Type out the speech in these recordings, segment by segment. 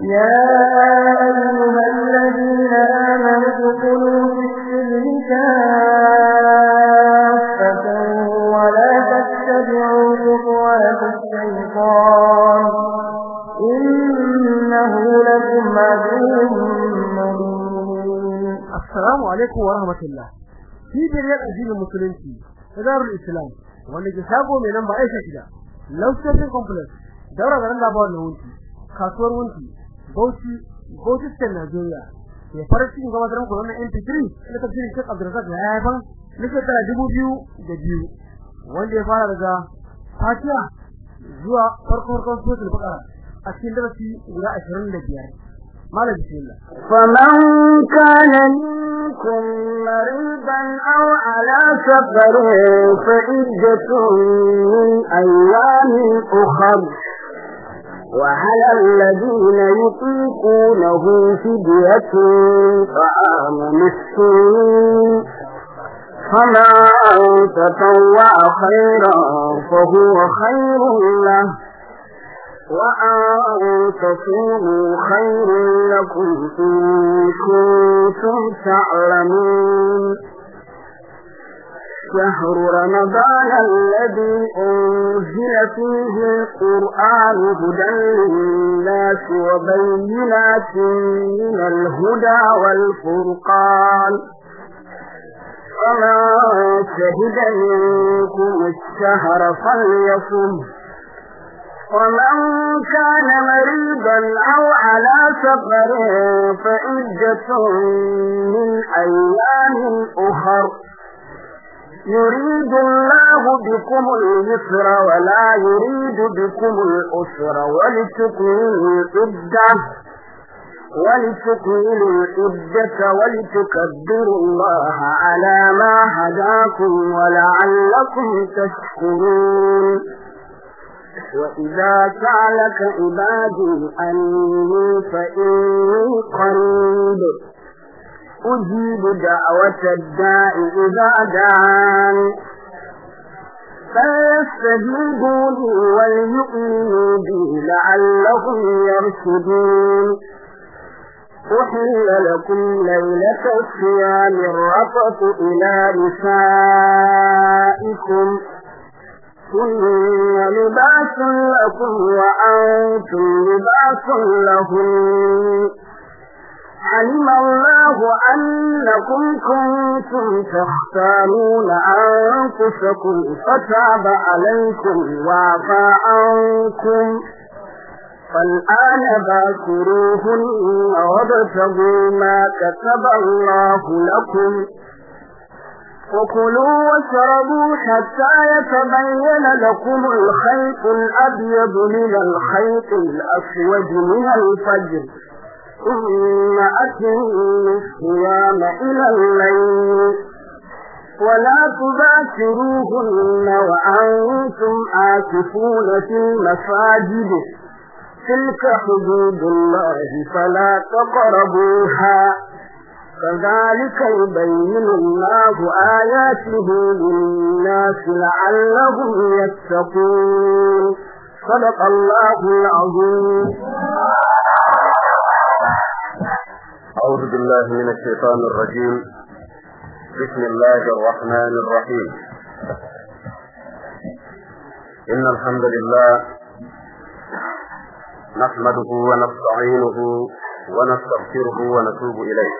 يا أيها الذين آمنوا ادخلوا في السلم كافة ولا تتبعوا خطوات الشيطان إنه لكم عدو مبين السلام عليكم ورحمة الله في بريال أجيل المسلمين دار الإسلام wanda ke من mai nan لو aisha shida lausa complex daura garin labawan na wunti Bautista Bauchi Nigeria ya fara cikin gabatar muku wannan MP3 da ta jirin Sheikh Abdulrazak ya yi ban nake tara dubu biyu da biyu wanda ya fara daga Fatiha zuwa farkon farkon Suratul Baqara a cikin darasi guda ashirin da biyar malam bismillah faman kana kun maridan aw ala safarin fa ijatun min ayyamin ukhra وعلى الذين يطيقونه فدية طعام مسكين فما تطوع خيرا فهو خير له وأن تصوموا خير لكم إن كنتم تعلمون شهر رمضان الذي أنزل فيه القرآن هدى للناس وبينات من الهدى والفرقان فمن شهد منكم الشهر فليصم ومن كان مريضا أو على سفر فإجة من أيام أخر يريد الله بكم اليسر ولا يريد بكم الأسر ولتكملوا العدة ولتكملوا العدة ولتكبروا الله على ما هداكم ولعلكم تشكرون وإذا سألك عبادي أني فإني قريب أجيب دعوة الداء إذا دعان فليستجيبوا لي وليؤمنوا به لعلهم يرشدون أحل لكم ليلة الصيام الرفق إلى نسائكم كن لباس لكم وأنتم لباس لهم علم الله أنكم كنتم تختارون أنفسكم فتاب عليكم وعفى عنكم فالآن باكروهن وابتغوا ما كتب الله لكم وكلوا واشربوا حتى يتبين لكم الخيط الأبيض من الخيط الأسود من الفجر ثم أتم الصيام إلى الليل ولا تباشروهن وأنتم آكفون في المساجد تلك حدود الله فلا تقربوها كذلك يبين الله آياته للناس لعلهم يتقون صدق الله العظيم أعوذ بالله من الشيطان الرجيم بسم الله الرحمن الرحيم إن الحمد لله نحمده ونستعينه ونستغفره ونتوب إليه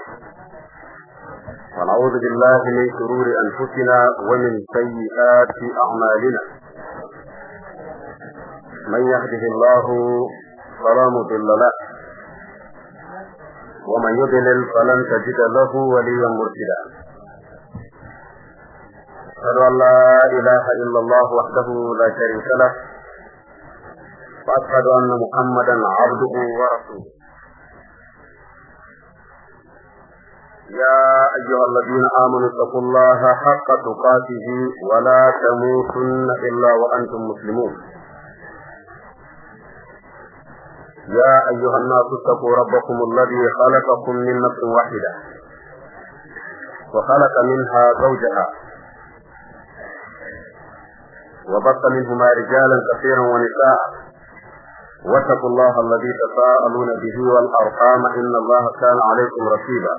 ونعوذ بالله من شرور أنفسنا ومن سيئات أعمالنا من يهده الله فلا مضل له ومن يضلل فلن تجد له وليا مرشدا أشهد أن لا إله إلا الله وحده لا شريك له وأشهد أن محمدا عبده ورسوله يا أيها الذين آمنوا اتقوا الله حق تقاته ولا تموتن إلا وأنتم مسلمون يا أيها الناس اتقوا ربكم الذي خلقكم من نفس واحدة وخلق منها زوجها وبط منهما رجالا كثيرا ونساء واتقوا الله الذي تساءلون به والأرحام إن الله كان عليكم رقيبا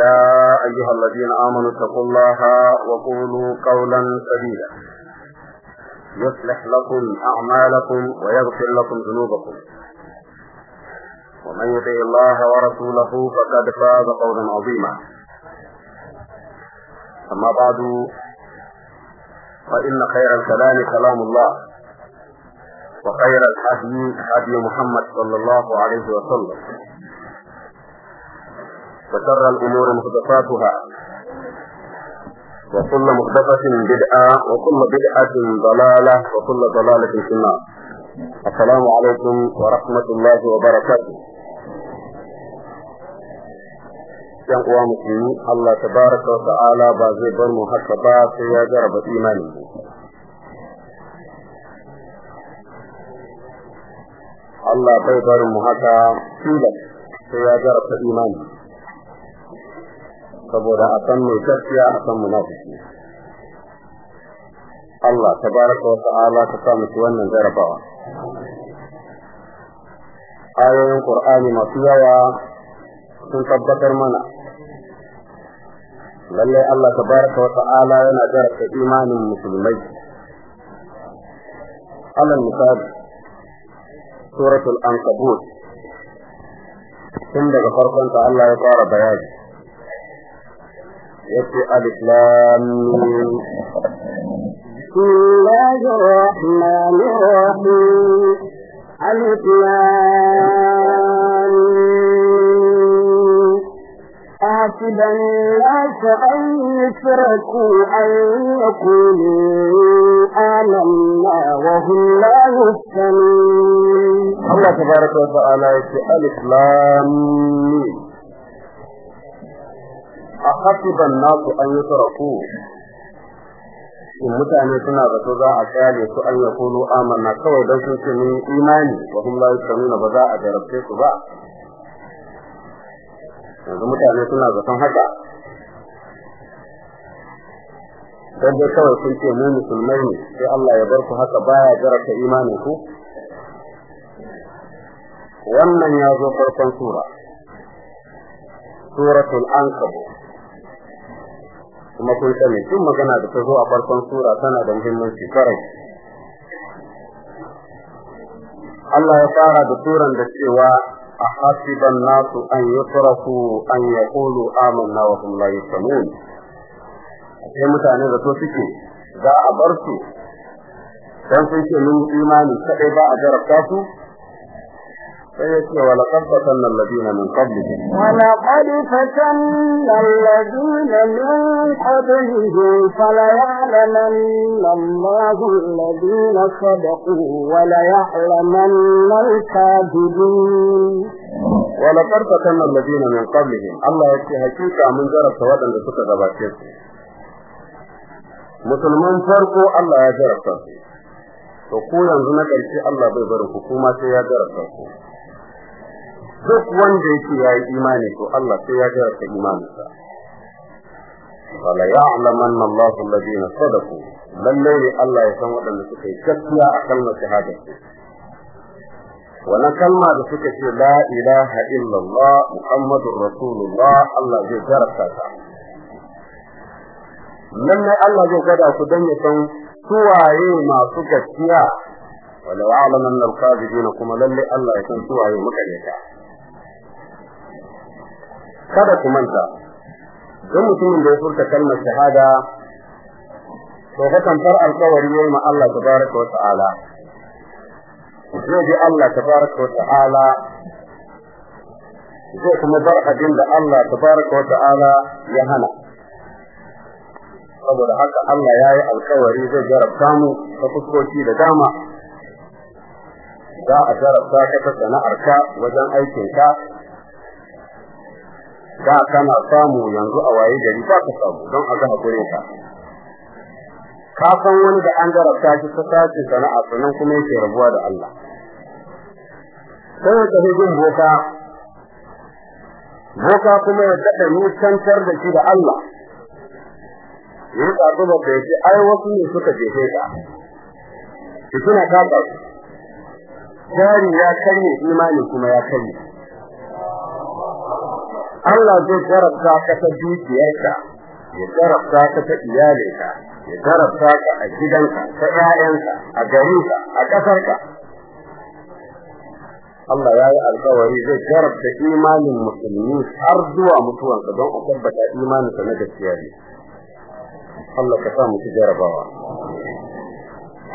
يا أيها الذين آمنوا اتقوا الله وقولوا قولا سديدا يصلح لكم أعمالكم ويغفر لكم ذنوبكم ومن يطع الله ورسوله فقد فاز قولا عظيما أما بعد فإن خير الكلام كلام الله وخير الحديث هدي محمد صلى الله عليه وسلم وشر الأمور محدثاتها وكل مخدفة بدعة وكل بدعة ضلالة وكل ضلالة في النار السلام عليكم ورحمة الله وبركاته yan uwa musulmi Allah tabaraka wa ta'ala ba zai bar mu haka ba sai ya jaraba imanin mu Allah bai bar mu haka tilas sai ya jaraba imanin mu saboda a san mai gaskiya a san munafiki Allah tabaraka wa ta'ala ta sa mu wannan jarabawa ayoyin Qur'ani masu yawa sun tabbatar mana lalle Allah tabaraka wa ta'ala yana jarabta imanin musulmai alal misali suratul ankabut tun daga farkon ta Allah ya fara bayani يأتي ألف لام بسم الله الرحمن الرحيم ألف لام أحسب الناس أن يتركوا أن يقولوا آمنا وهم لا يفتنون الله تبارك وتعالى يأتي ألف لام A أخطب الناس أن يتركوا in mutane suna zato za a tsare su an ya kulu amanna kawai don sun ce mun imani wa hum la yusalluna ba za a jarabce su ba yanzu mutane suna zaton haka dan dai kawai sun ce mu musulmai ne sai Allah ya bar ku haka baya jarabta imanin ku wannan ya zo farkon sura suratul ankabut kuma kun sani tun magana da ta zo a farkon sura tana da muhimmanci karai Allah ya fara da turan da cewa a nasu an أحسب an yi يتركوا أن يقولوا آمنا وهم لا A sai mutane da so suke za a bar su dan sun ce mun imani kadai ba a jarabta su sayyati wa laqad fatanna alladheena min qablikum wa laqad fatanna alladheena min qablikum fala ya'lamanna allahu alladheena sadaqu wa la ya'lamanna al-kadhibin wa laqad fatanna alladheena min qablikum allah yake hakika mun jarabta wadanda suka gabace su musulman farko allah ya jarabta to ko yanzu na karshe allah bai bar hukuma sai ya jarabta su duk wanda yake yayi imani to Allah sai ya gara ta imaninsa wala ya'lamanna Allahu alladhina sadaku, lallai ne Allah ya san waɗanda suka yi gaskiya a kalmar shahada wannan kalma da suka ce la ilaha illallah Muhammadu rasulullah Allah zai jarabta ta nan ne Allah zai gada ku dan ya san suwaye masu gaskiya wala ya'lamanna al-kadhibina kuma lalle Allah ya san suwaye makareta kada ku manta don mutumin da ya furta kalmar shahada to fa tamfar alƙawari ne ma Allah tabaraka wa ta'ala zai ji Allah tabaraka wa ta'ala zai kuma bar abin da Allah tabaraka wa ta'ala ya hana saboda haka Allah ya yi alƙawari zai jarabta mu ta fuskoki da dama za a jarabta ka ta sana'arka wajen aikinka da kana samu yanzu a waye gari ba ka samu don a ga gure ka ka san wani da an garabta shi ta sace sana'a sannan kuma yake rabuwa da Allah sai ka hujin boka boka kuma ya ni tantar da shi da Allah yin tsatsu ba da ai wasu ne suka jefe ka ki ka kafa jari ya karye imani kuma ya karye Allah zai jarabta ka ta dukiyarka ya jarabta ka ta iyalinka ya jarabta ka a gidanka ta ƴaƴanka a garinka a ƙasarka Allah ya yi alƙawari zai jarabta imanin musulmi har zuwa mutuwansa don a tabbata imaninsa na gaskiya ne Allah ka sa mu ci jarabawa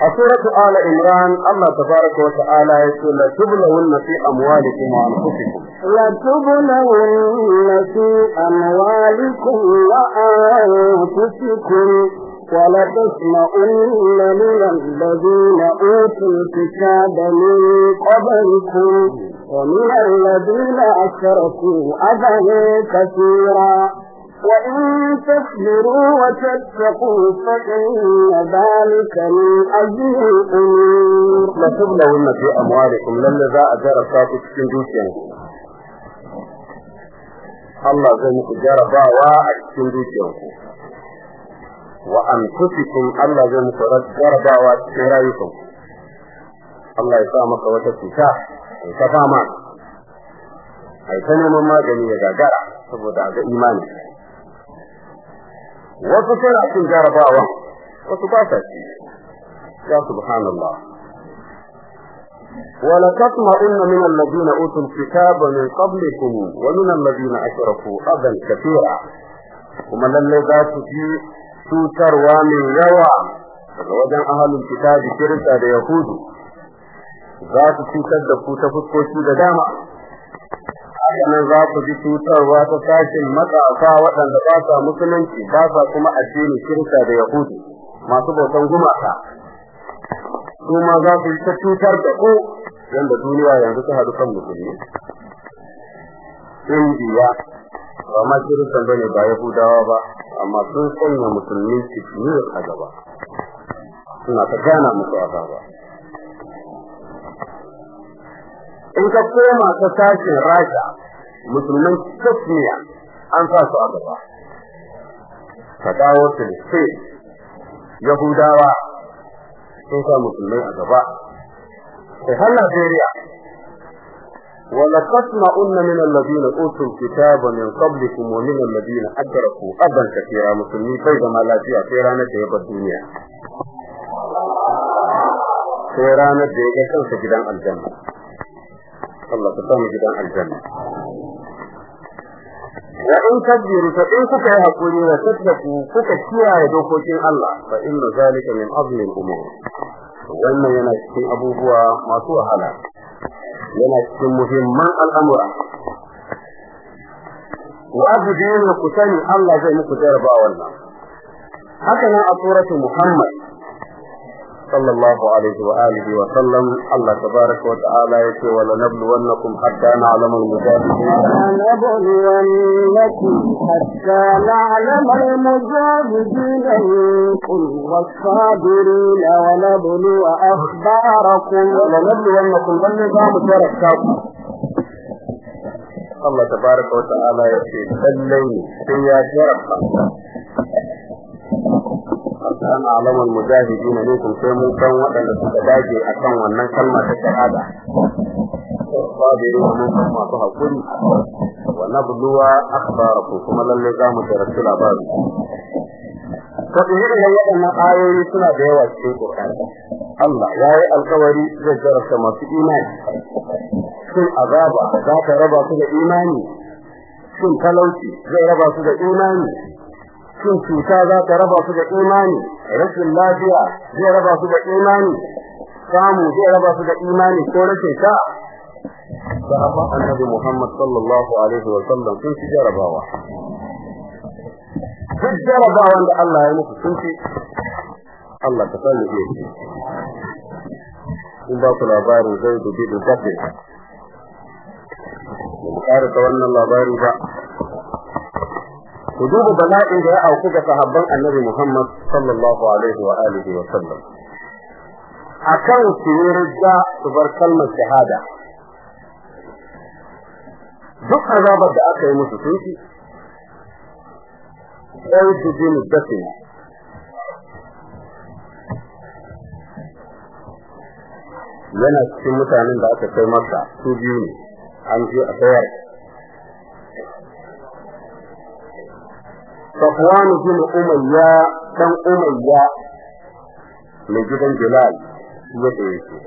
سورة آل عمران الله تبارك وتعالى يقول لتبلون في أموالكم وأنفسكم لتبلون في أموالكم وأنفسكم ولتسمعن من الذين أوتوا الكتاب من قبلكم ومن الذين أشركوا أذى كثيرا وإن تصبروا وتتقوا فإن ذلك من أجل الأمور لتبلون في أموالكم للذا أجرسات السندوشين Allah zai muku jarabawa a cikin dukiyarku wa anfusikum Allah zai muku jarabawa cikin rayukanku Allah ya sa maka wata cuta ai ta fama ai ta neman magani ya daga saboda ga imani wasu suna cin jarabawa wasu ba sa ci ya subhanallah wala tatma'unna min alladhina utul kitaba min qablikum wa min alladhina ashraku adan kathira kuma lalle za su ji tutarwa mai yawa daga wajen ahalin kitabi kirista da yahudu za su cutar da ku ta fuskoki da dama ne za ku ji cutarwa ta sashin matasa waɗanda ba sa musulunci ba sa kuma addini kirista da yahudi masu bautan gumaka su ma za ku yi ta cutar da ku yadda duniya yanzu ta haɗu kan musulmi indiya ba ma kirkan bane ba yahudawa ba amma sun sanya musulmi cikin a gaba suna ta gana musu a gaba in ka koma ta sashin rasha musulman tasmiya an sa su a gaba ka dawo filistin yahudawa sun sa musulmai a gaba sai har najeriya ولقد نعلم من الذين أوتوا الكتاب من قبلكم ومن الذين أدركوا أبا كثيرا مسلمين فإذا ما لا جاء في رانا جيب الدنيا في رانا جيب الجنة الله تسمى جدان الجنة wa in tabiru fa in kuka yi hakuri wa tattaku kuka kiyaye dokokin Allah fa inna zalika min azmi al-umur wannan yana cikin abubuwa masu wahala yana cikin muhimman al'amura wa abudin ku sani Allah zai muku jarba wannan haka nan a suratu Muhammad صلى الله عليه وآله وسلم الله تبارك وتعالى يقول ولنبلونكم حتى نعلم المجاهدين ولنبلونكم حتى نعلم المجاهدين منكم والصابرين ونبلو أخباركم ولنبلونكم بالنظام تركتكم الله تبارك وتعالى يقول لن سيا جربا kana alamar mujahidi ne nukun sai mu kan waɗanda suka dage a kan wannan kalma ta shahada sabirin mu kan masu hakuri wa nabluwa akhbarakum kuma lalle za mu tarattu labarin ko in yi waɗannan ayoyi suna da yawa cikin qur'ani Allah ya yi alkawari zai jarrafa masu imani sun azaba za ka raba su da imani sun talauci zai raba su da imani shin cuta za ta raba su da imani rashin lafiya zai raba su da imani samu zai raba su da imani ko rashin ta sahaba annabi Muhammad sallallahu alaihi wa sallam sun ci jarabawa duk jarabawan da Allah ya muku sun ci Allah ta sani ke. in ba ku labarin zai dubi da kafin mu ƙara ta wannan labarin ba ku duba bala'in da ya auku ga sahabban annabi Muhammad sallallahu alaihi wa alihi wa sallam akan su yarda su bar kalmar shahada duk azabar da aka yi musu sun yana cikin mutanen da aka kai masa su biyu ne an je a tsayar Safwan bin Umayya dan Umayya mai gidan Bilal ya tsaye shi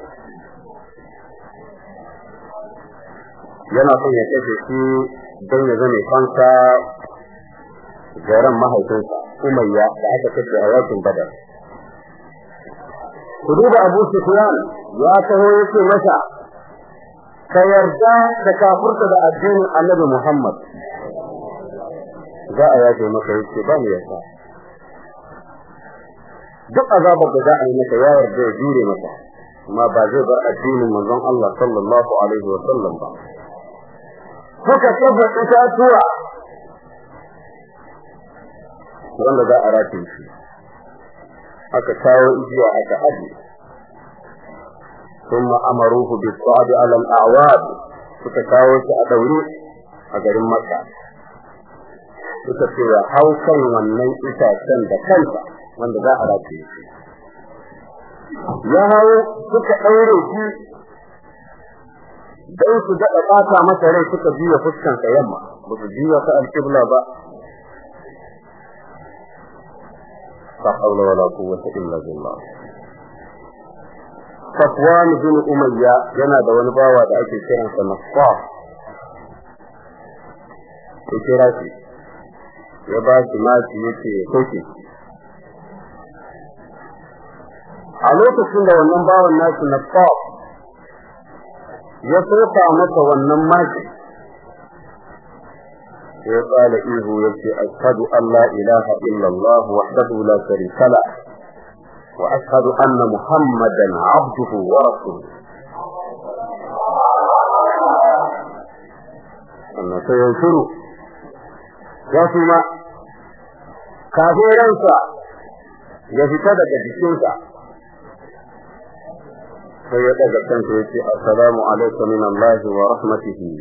yana son ya kashe shi don ya zame kansa garan mahaifinsa Umayya da aka kashe a yakin Badar ku duba Abu Sufyan ya taho yake masa ka yarda da kafurta da addinin Annabi Muhammad za a yaje maka yake ba mu yasa duk azabar da za a yi maka ya yarda ya jure maka amma ba zai bar addinin manzon Allah sallallahu alaihi wa sallam ba haka kafa itatuwa wanda za a rake shi aka kawo igiya aka haɗe ثم أمروه بالصعد على الأعواد suka kawo shi a daure a garin Makka suka ce ya hau kan wannan itacen da kansa wanda za a rafe shi ya hau suka ɗaure shi don su daɗa ɓata masa rai suka juya fuskansa yamma ba su juya ta alƙibla ba la hawla wala quwwata illa billah Safwan bin Umayya yana da wani bawa da ake kiransa Nassar. Ko kira shi ya ba shi maki yake kake a lokacin da wannan bawan nashi na kaf ya soka masa wannan maki ya tsala ihu yake ashhadu an la ilaha illa allah wahdahu la sharika la wa ashhadu anna muhammadan abduhu wa rasuluhu annabi ya shiru ya kuma kafin ransa ya fita daga jikinsa sai ya daga kansa ya ce assalamu alaikum min Allah wa rahmatihi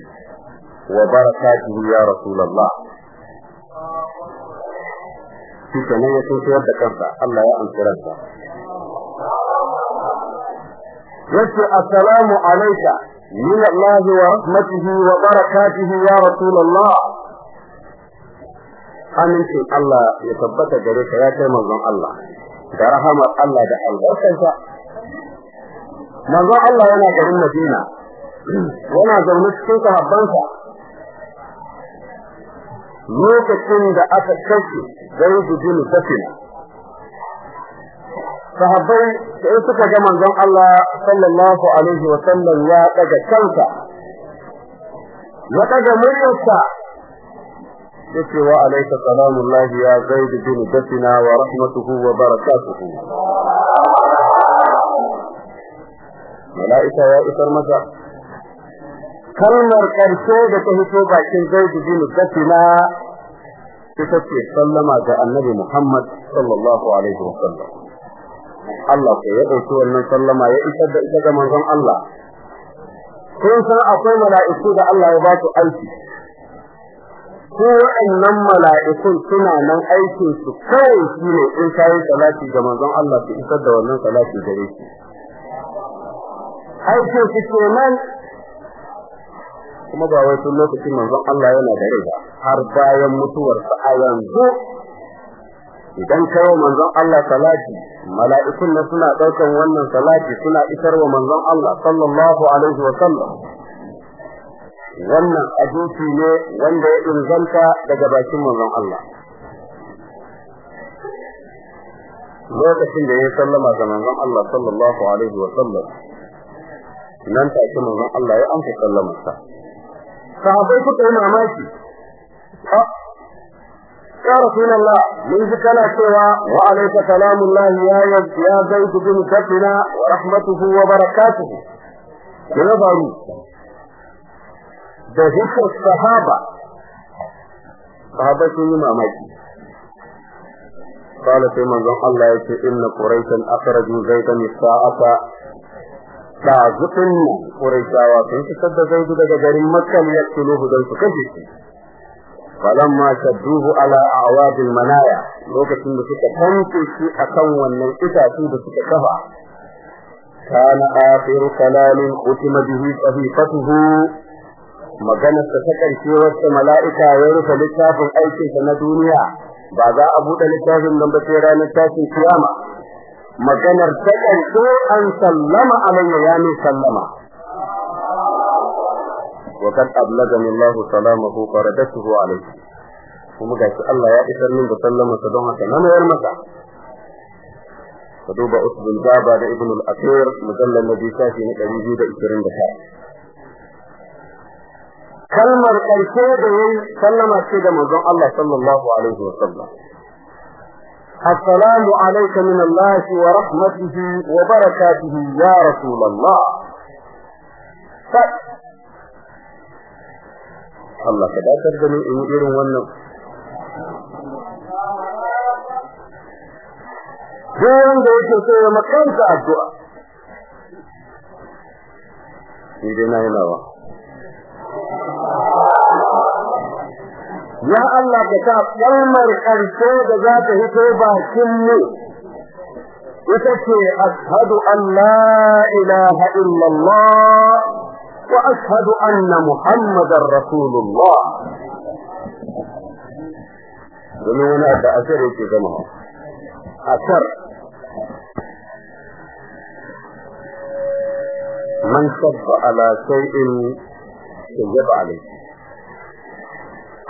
wa barakatuhu ya rasulullah shi kenan ya tuntuyar da kansa Allah ya amsa ransa yace assalamu alayka min Allah wa rahmatihi wa barakatuhu ya rasulullah amincin Allah ya tabbata gare ka ya kai manzon Allah da rahamar Allah da albarkarsa manzon Allah yana garin Madina yana zaune cikin sahabbansa lokacin da aka kashe Zaid bin Safina sahabbai sai suka ga manzon Allah sallallahu alaihi wa sallam ya daga kansa ya daga muryarsa yace wa alayka salamullahi ya zaid bin dafina wa rahmatuhu wa barakatuhu malaika ya isar masa kalmar karshe da ta hito bakin zaid bin dafina ita ce sallama ga annabi Muhammad sallallahu alaihi wa wasallam Allah ko ya dauki wannan sallama ya isar da ita ga manzon Allah kun san akwai mala'iku da Allah ya ba su aiki ko wa'annan mala'ikun suna nan aikin su kai shi ne in yi salati ga manzon Allah su isar da wannan salati gare shi aikin su nan. kuma ba wai tun lokacin manzon Allah yana da rai har bayan mutuwar sa a yanzu idan kai manzon Allah salati mala'ikun na suna daukan wannan salati suna isar wa manzon Allah sallallahu alaihi wa sallam wannan abinci ne wanda ya inganta daga bakin manzon Allah lokacin da ya sallama ga manzon Allah sallallahu alaihi wa sallam nan ta take manzon Allah ya amsa sallamarsa sahabbai suka yi mamaki ah, ya rasulullah mun ji kana cewa wa alayka salamullahi ya ya zaid bin kafina wa rahmatuhu wa barakatuhu ya faru da zuwa sahaba sahaba sun yi mamaki kala sai manzon Allah ya ce inna quraishan akhraju zaidan sa'ata da zuwa ne quraishawa sun fita da zaid daga garin makka ne yake lohu dan su kace falamma shadduhu ala a'wadil manaya lokacin da suka tantu a kan wannan itatu da suka kafa كان آخر كلام ختم به صحيفته maganar ta ta karshe wacce mala'ika ya rufe littafin aikin sa na duniya ba za a buɗe littafin nan ba sai ranar tashin kiyama maganar ta karshe an sallama alayya ya ne sallama wa kad ablagani Allah salamahu faradatuhu alayhi kuma gashi Allah ya isar min da sallama sa don haka na mayar masa فدوب أسد الجابة لابن الأثير مجلد الذي شافي نقريبي بإسرين بشار kalmar ƙarshe سلم ya من الله صلى الله عليه وسلم السلام عليك من الله ورحمته وبركاته يا رسول الله ف... الله كذا ترجمي ان يديروا ونو جيران دي سيما كانت الدعاء يدينا هنا وقت ya Allah ka sa kalmar karshe da za ta hito bakin mu ita ce ashhadu an la ilaha illallah wa ashhadu anna muhammadar rasulullah domin wani da asar yake zama asar man sabba ala shay'in yajib alayhi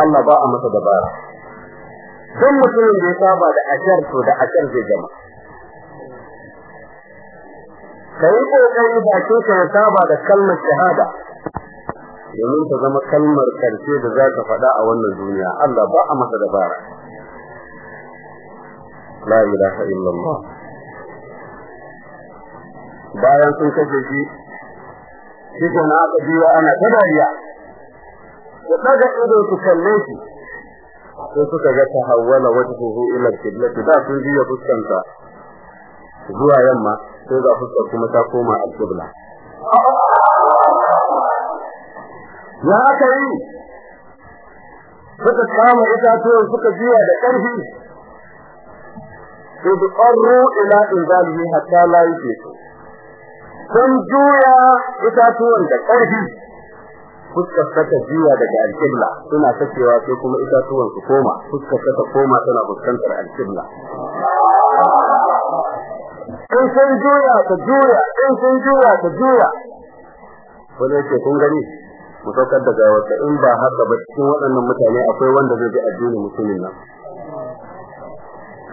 Allah ba a masa dabara don mutumin da ya saba da ashar to da ashar zai gama kai kokari bakin ka ya saba da kalmar shahada domin ta zama kalmar karshe da za ta faɗa a wannan duniya Allah ba a masa dabara la ilaha illallah bayan sun kace shi shi na aka biyo ana ta dariya ku daga ido ku kalle shi sai suka ga tahawwala wajhuhu ila al-qiblati da sun ji ya fuskanta zuwa yamma sai ga fuskar kuma ta koma al-qibla ya aka yi suka kama itatuwan suka jiya da ƙarfi sai su ƙarro ila inzalihi hatta la yake sun juya itatuwan da ƙarfi fuskar ta jiya daga alƙibla suna sakewa sai kuma itatuwan su koma fuskar ta koma tana fuskantar alƙibla in sun juya ta juya in sun juya ta juya wani ce kun gani mu saukar da gawarsa in ba haka ba cikin waɗannan mutane akwai wanda zai bi addinin musulmin nan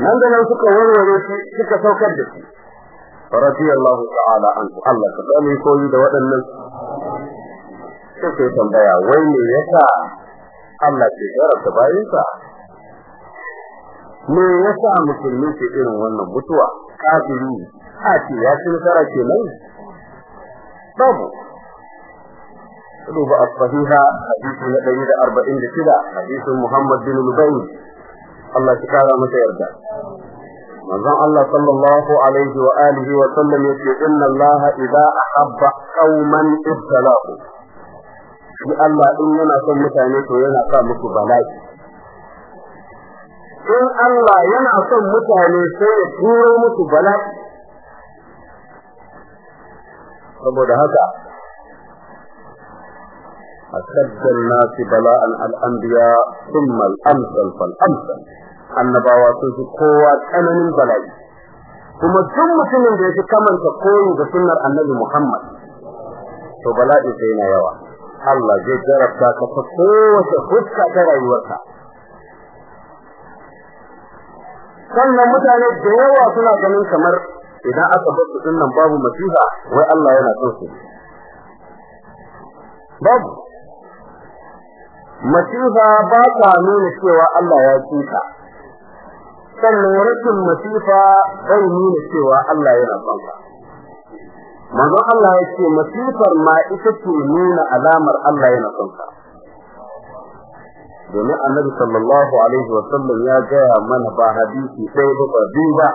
nan da nan suka warware shi suka saukar da shi radiyallahu ta'ala anhu Allah ka tsami koyi da waɗannan sai sai tambaya wai me yasa Allah ke karanta bayinsa me yasa musulmi ke irin wannan mutuwa kafiri a ce ya ci nasara nan? babu duba as-sahiha hadisi na 146 hadisin Muhammad bin Lubayy Allah ya kara masa yarda manzon Allah sallallahu alaihi wa alihi wa sallam yace inna Allah idza ahabba qauman ibtalahu shi Allah in yana son mutane to yana sa musu bala'i in Allah yana son mutane sai ya turo musu bala'i saboda haka أشد الناس بلاء الأنبياء ثم الأمثل فالأمثل annabawa sun fi kowa tsananin bala'i kuma duk mutumin da ya fi kamanta koyi ga sunnar annabi Muhammad to bala'i sai na yawa Allah zai jarabta ka ta kowace fuska ta rayuwarka sannan mutane da yawa suna ganin kamar idan aka bar su dinnan babu masifa wai Allah yana son su babu masifa ba ta nuna cewa Allah ya tuka sannan rikin masifa bai nuna cewa Allah yana son ka manzon Allah ya ce masifar ma ita ce nuna alamar Allah yana son ka domin annabi sallallahu alaihi wa sallam ya gaya mana ba hadisi sai ba ba biyu ba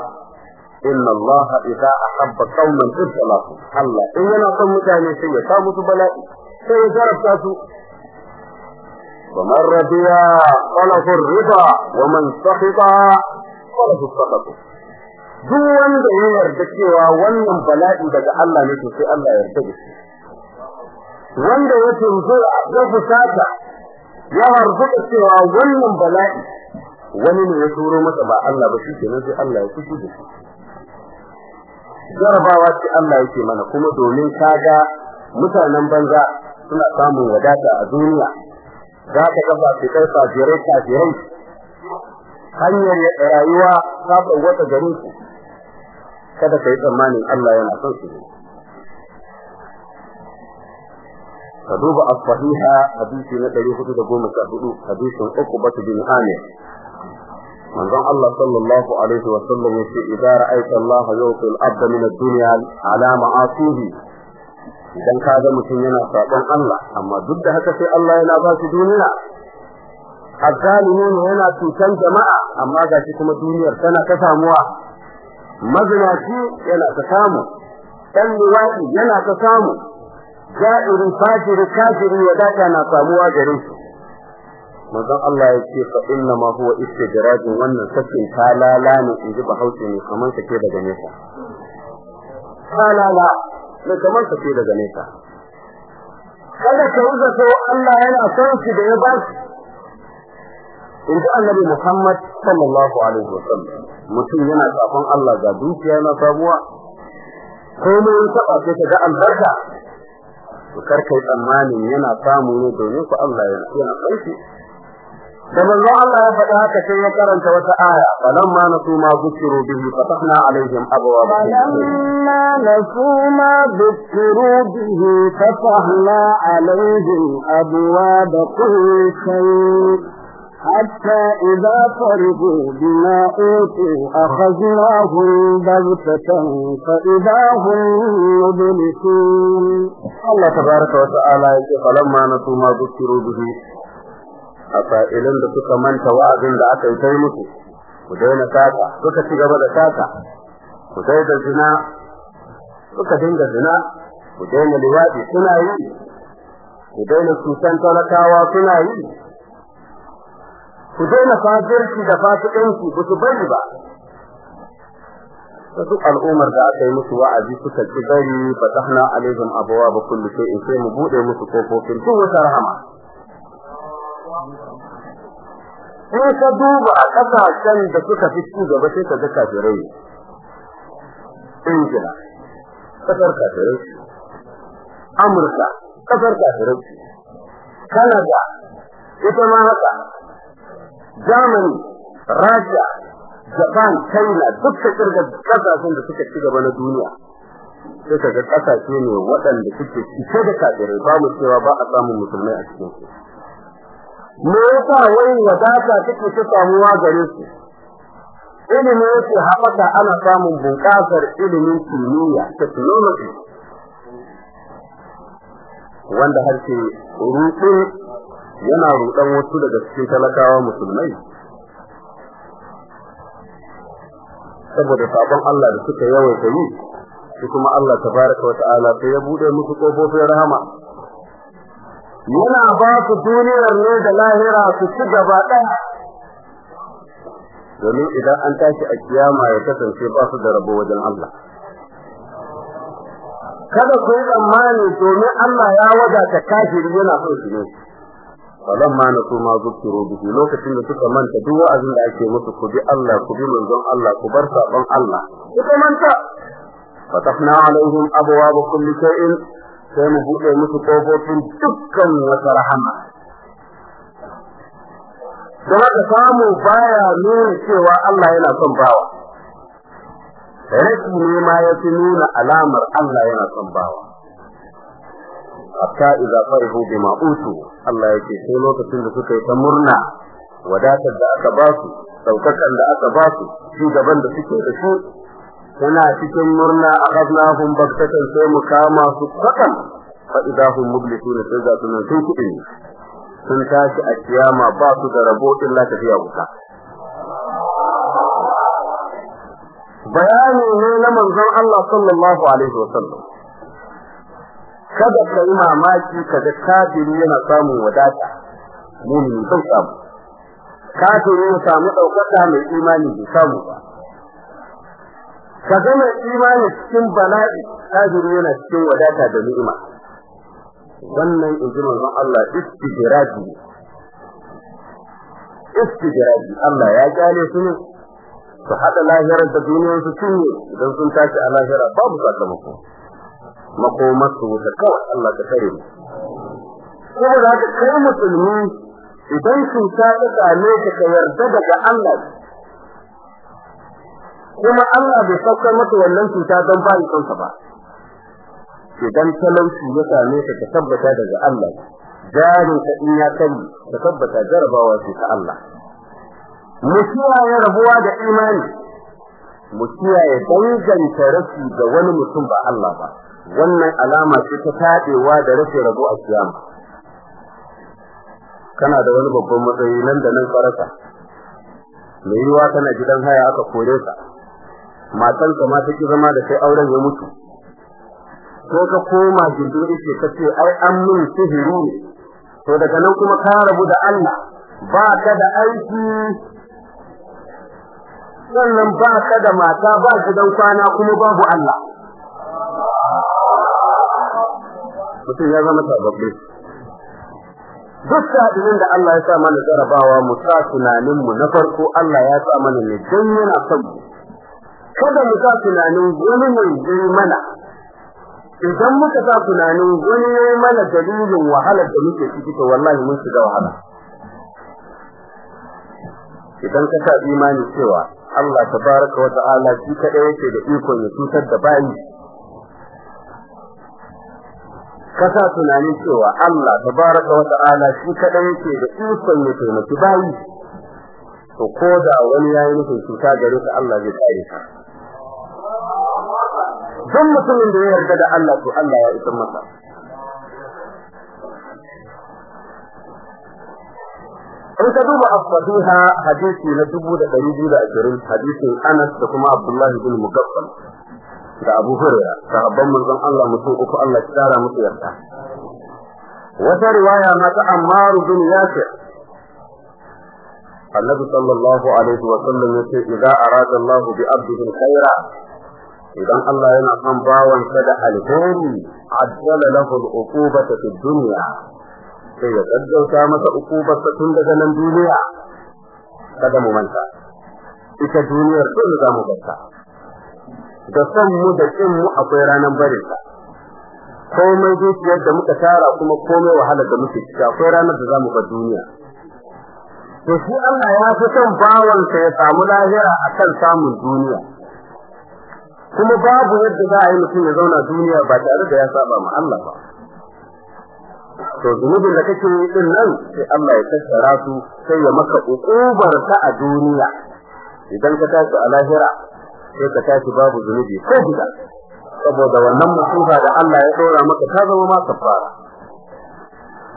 inna Allah idza ahabba qauman ibtalahu Allah in yana son mutane sai ya sa musu bala'i sai ya jarabta su ومن رضي فله الرضا ومن سخط فله السخط duk wanda ya yarda cewa wannan bala'i daga Allah ne to sai Allah ya yarda da shi wanda ya tunzo ya fusata ya harbuta cewa wannan bala'i wani ne ya turo masa ba Allah ba shi kenan sai Allah ya fushi da shi jarabawa ce Allah yake mana kuma domin kaga mutanen banza suna samun wadata a duniya za ka ga su kai fajirai kafirai hanyar rayuwa ta tsawata garin su kada ka yi tsammanin Allah yana son su ne ka duba as-sahiha hadisi na 414 hadisin Uqbah bin Amir manzon Allah sallallahu alaihi wa sallam yace idza ra'aita Allah yuqil abda min ad-dunya ala ma'asihi idan ka ga mutum yana sakon Allah amma duk da haka sai Allah yana ba su duniya azzalimin yana cutan jama'a amma gashi kuma duniyar tana ta samuwa mazinaci yana ta samu ɗan luwaɗi yana ta samu ja'irin fajiri kafiri ya dace na samuwa gare shi manzon Allah ya ce fa inna ma huwa istidrajin wannan sakin talala ne in ji bahaushe ne kamar sake daga nesa talala ne kamar sake daga nesa kada ka uza so Allah yana son ki da ya ba shi in ji annabi Muhammad sallallahu alaihi wasallam mutum yana tsafan Allah ga dukiya na sabuwa komai ya taba ce ga albarka to kar kai tsammanin yana samu ne domin ku Allah yana yana sauki da manzo Allah ya faɗa haka sai ya karanta wata aya falamma nasu ma bukiru bihi fatahna alaihim abwaab falamma nasu ma bukiru bihi fatahna alaihim abwaab kulli حتى إذا فرغوا بما أوتوا أخذناهم بغتة فإذا هم مبلسون الله تبارك وتعالى يقول فلما نسوا ما ذكروا به أفائلين لك من توعدين لأك يتيمك ودين ساكا لك تجربة ساكا وزيد الزنا لك دين الزنا ودين الوادي سنعي ودين السلطان تلكاوا سنعي ku daina fajirci da fasikanci ku su bari ba duk al'ummar da aka yi musu wa'azi suka ci bari fatahna alaihim abwaaba kulli shay'in sai mu bude musu kofofin duk wata rahama in ka duba a kasashen da suka fi ci gaba sai ka ga kafirai Ingila kasar kafirai Amurka kasar kafirai Kanada, ita ma haka Germany Russia Japan China da kirgar kasashen da suka ci gaba na duniya sai kaga kasashe ne waɗanda suke cike da kafirai ba mu cewa ba a samu musulmai a cikin su me yasa wai wadata take ta samuwa gare su Ilimin yake haɓaka ana samun bunƙasar ilimin kimiyya technology wanda har ke rufe yana rudan wasu daga cikin talakawa musulmai saboda sabon Allah da suka yawaita yi shi kuma Allah tabaraka wata'ala sai ya bude musu kofofin rahama yana ba su duniyar ne da lahira su ci gaba ɗaya domin idan an tashi a kiyama ya kasance ba su da rabo wajen Allah kada ku yi tsammani domin Allah ya wadata kafiri yana son su ne falamma mana ma zukiru bihi lokacin da suka manta duk wa'azin da ake musu ku bi Allah ku bi manzon Allah ku bar sabon Allah suka manta fatahna alaihim abwaab kulli shay'in sai mu buɗe musu kofofin dukkan wata rahama don haka samu baya nuna cewa Allah yana son bawa rashi nema ma ya fi nuna alamar Allah yana son bawa hatta idza farihu bima utu Allah yake sai lokacin da suka yi ta murna wadatar da aka ba su saukakan da aka ba su gaban da suke da su suna cikin murna akhadnahum baktatan sai mu kama su kwatam fa idza hum mublisuna sai za su nuna sun sun tashi a kiyama ba su da rabo illa tafiya wuta bayani ne na manzon Allah sallallahu alaihi wasallam kada ka yi mamaki ka ga kafiri yana samun wadata mumini bai samu kafiri ya samu ɗaukaka mai imani bai samu ba ka ga mai imani cikin bala'i kafiri yana cikin wadata da ni'ima wannan inji manzon Allah istijraji istijraji Allah ya gane su ne su haɗa lahirar da duniyar su cinye idan sun tashi a lahira babu sakamako makomar su wuta kawai Allah ka kare mu da ka kai musulmi idan su ta tsaka ne ka yarda daga Allah kuma Allah bai sauka maka wannan cuta don ba ni kansa ba idan talauci ya same ka ka tabbata daga Allah jarin ka in ya kai ka tabbata jarabawa ce ta Allah mutuwa ya rabuwa da imani mutuwa ya danganta rashi ga wani mutum ba Allah ba wannan alama ce ta tadewa da rashin rabo a kiyama kana da wani babban matsayi nan da nan karaka mai yiwa kana gidan haya aka kore ka matan ka ma take zama da kai auren ya mutu ko ka koma gidan yake kace ai an mun sihiru to daga nan kuma ka rabu da Allah ba ka da aiki sannan ba ka da mata ba gidan kwana kuma babu Allah mutum ya zama sababbe duk da sa'ilin da Allah ya sa mana jarabawa mu sa tunanin mu na farko Allah ya sa mana ne dan yana son kada mu sa tunanin wani mai jiri mana idan muka sa tunanin wani yayi mana dalilin wahalar da muke ciki to wallahi mun shiga wahala idan ka sa imani cewa Allah tabaraka wa ta'ala shi kadai yake da iko ya cutar da bayi kasa tunanin cewa Allah tabaraka wa ta'ala shi kadai yake da ikon ya taimaki bayi to ko da wani yayi nufin cuta gare ka Allah zai kare ka duk mutumin da ya yarda da Allah to Allah ya isa masa in ka duba as-sahiha hadisi na 2220 hadisin Anas da kuma Abdullah ibn Mugaffal da Abu Da sahabban manzon Allah mutum uku Allah ya tsara musu yarda wata riwaya ma ta Ammar bin Yasir Annabi sallallahu alaihi wa sallam ya ce idza arada Allah bi abdihi khaira idan Allah yana son bawansa da alheri ajjala lahu al-uqubata fi dunya sai ya kaddauta masa uqubarsa tun daga nan duniya kada mu manta ita duniyar ko za mu barta da son mu da kin mu akwai ranan barin sa komai dukiyar da muka tara kuma komai wahala da muke ciki akwai ranar da zamu ga duniya to shi Allah ya fi son bawan sa ya samu lahira akan samun duniya kuma babu yadda za a yi mutum ya zauna duniya ba tare da ya saba ma Allah ba to zunubin da kake yi din nan sai Allah ya tsara su sai ya maka ukubar ta a duniya idan ka tashi a lahira sai ka tashi babu zunubi ko gida saboda wannan musuha da Allah ya dora maka ta zama ma kafara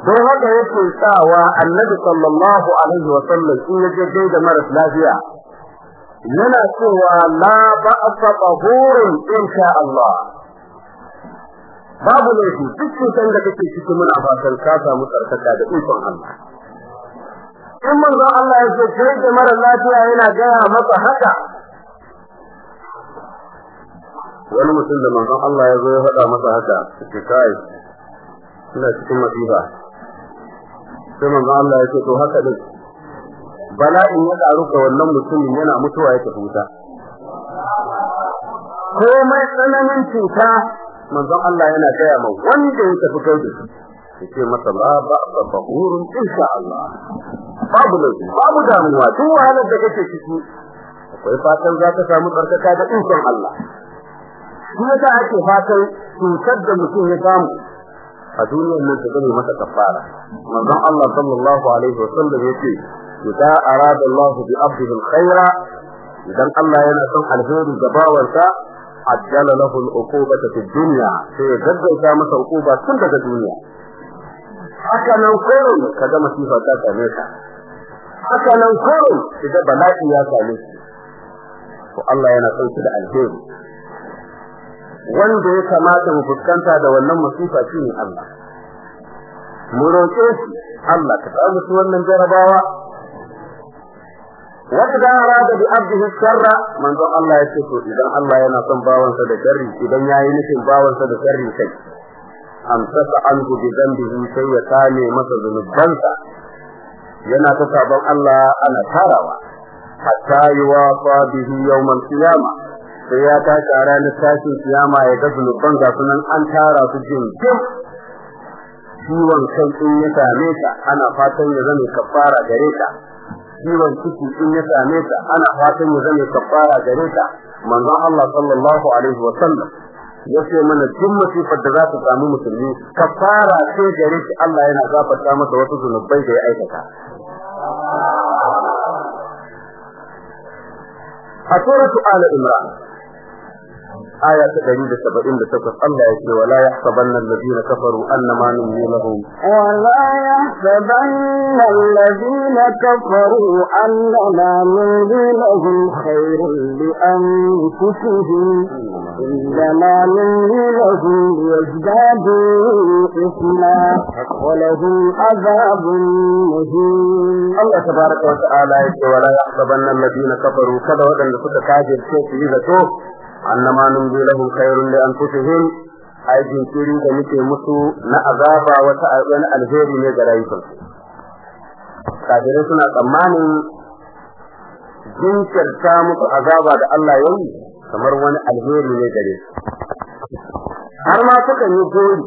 don haka yake tsawa annabi sallallahu alaihi wa sallam in ya da maras lafiya yana cewa la ba'sa tahurun insha Allah babu laifi duk cutar da kake ciki muna fatan ka samu tsarkaka da ikon Allah in manzo Allah ya ce da mara lafiya yana gaya masa haka wani mutum da manzon Allah ya zo ya faɗa masa haka suke kai suna cikin masifa sai manzon Allah ya ce to haka din bala'in ya karu ga wannan mutumin yana mutuwa ya tafi wuta komai tsananin cuta manzon Allah yana gaya ma wanda ya tafi kai da shi ce masa ba ba ba ba, fahurun insha Allah babu laifi babu damuwa duk wahalar da kake ciki akwai fatan za ka samu tsarkaka da insha Allah kuma ta ake fatan cutar da mutum ya samu a duniyar nan ta zama masa kafara manzon Allah sallallahu alaihi wasallam yace idza arada Allah bi abdihi alkhaira idan Allah yana son alheri ga bawansa ajjala lahu al-uqubata fi dunya sai gaggauta masa uquba tun daga duniya haka nan kurin kaga masifa ta same ka haka nan kurin kaga bala'i ya same shi to Allah yana son su da alheri wanda ya kamata mu fuskanta da wannan musifa shine Allah mu roƙe shi Allah ka ba mu wannan jarabawa wanda arada bi abdihi sharra manzo Allah ya ce to idan Allah yana son bawansa da sharri idan yayi nufin bawansa da sharri kai amsaka anhu bi dhanbihi sai ya kame masa zunubansa yana ta sabon Allah ana tarawa hatta fa bihi yawmal qiyamah sai ya ta a ranar tashin kiyama ya ga zunuban ga sunan an tara su jin jin ciwon kai in ya same ka ana fatan ya zame kafara gare ka ciwon ciki in ya same ka ana fatan ya zame kafara gare ka manzon Allah sallallahu alaihi wa sallam yace mana duk masifar da za ta samu musulmi kafara ce gare shi Allah yana gafarta masa wasu zunubai da ya aikata a suratu ala imran آية تدريد سبعين لتكف الله يكي ولا يحسبن الذين كفروا أنما نمي لهم ولا يحسبن الذين كفروا أنما نمي لهم خير لأنفسهم إنما نمي لهم يزدادوا إثما ولهم عذاب مهين الله تبارك وتعالى يكي ولا يحسبن الذين كفروا كذا وقال لكتكاجر شيء إذا توقف annama numbi lahum khairun li anfusihim ai jinkiri da muke musu na azaba wata wani alheri ne ga rayukansu kafirai suna tsammanin jinkirta musu azaba da Allah yau, kamar wani alheri ne gare har ma suka yi gori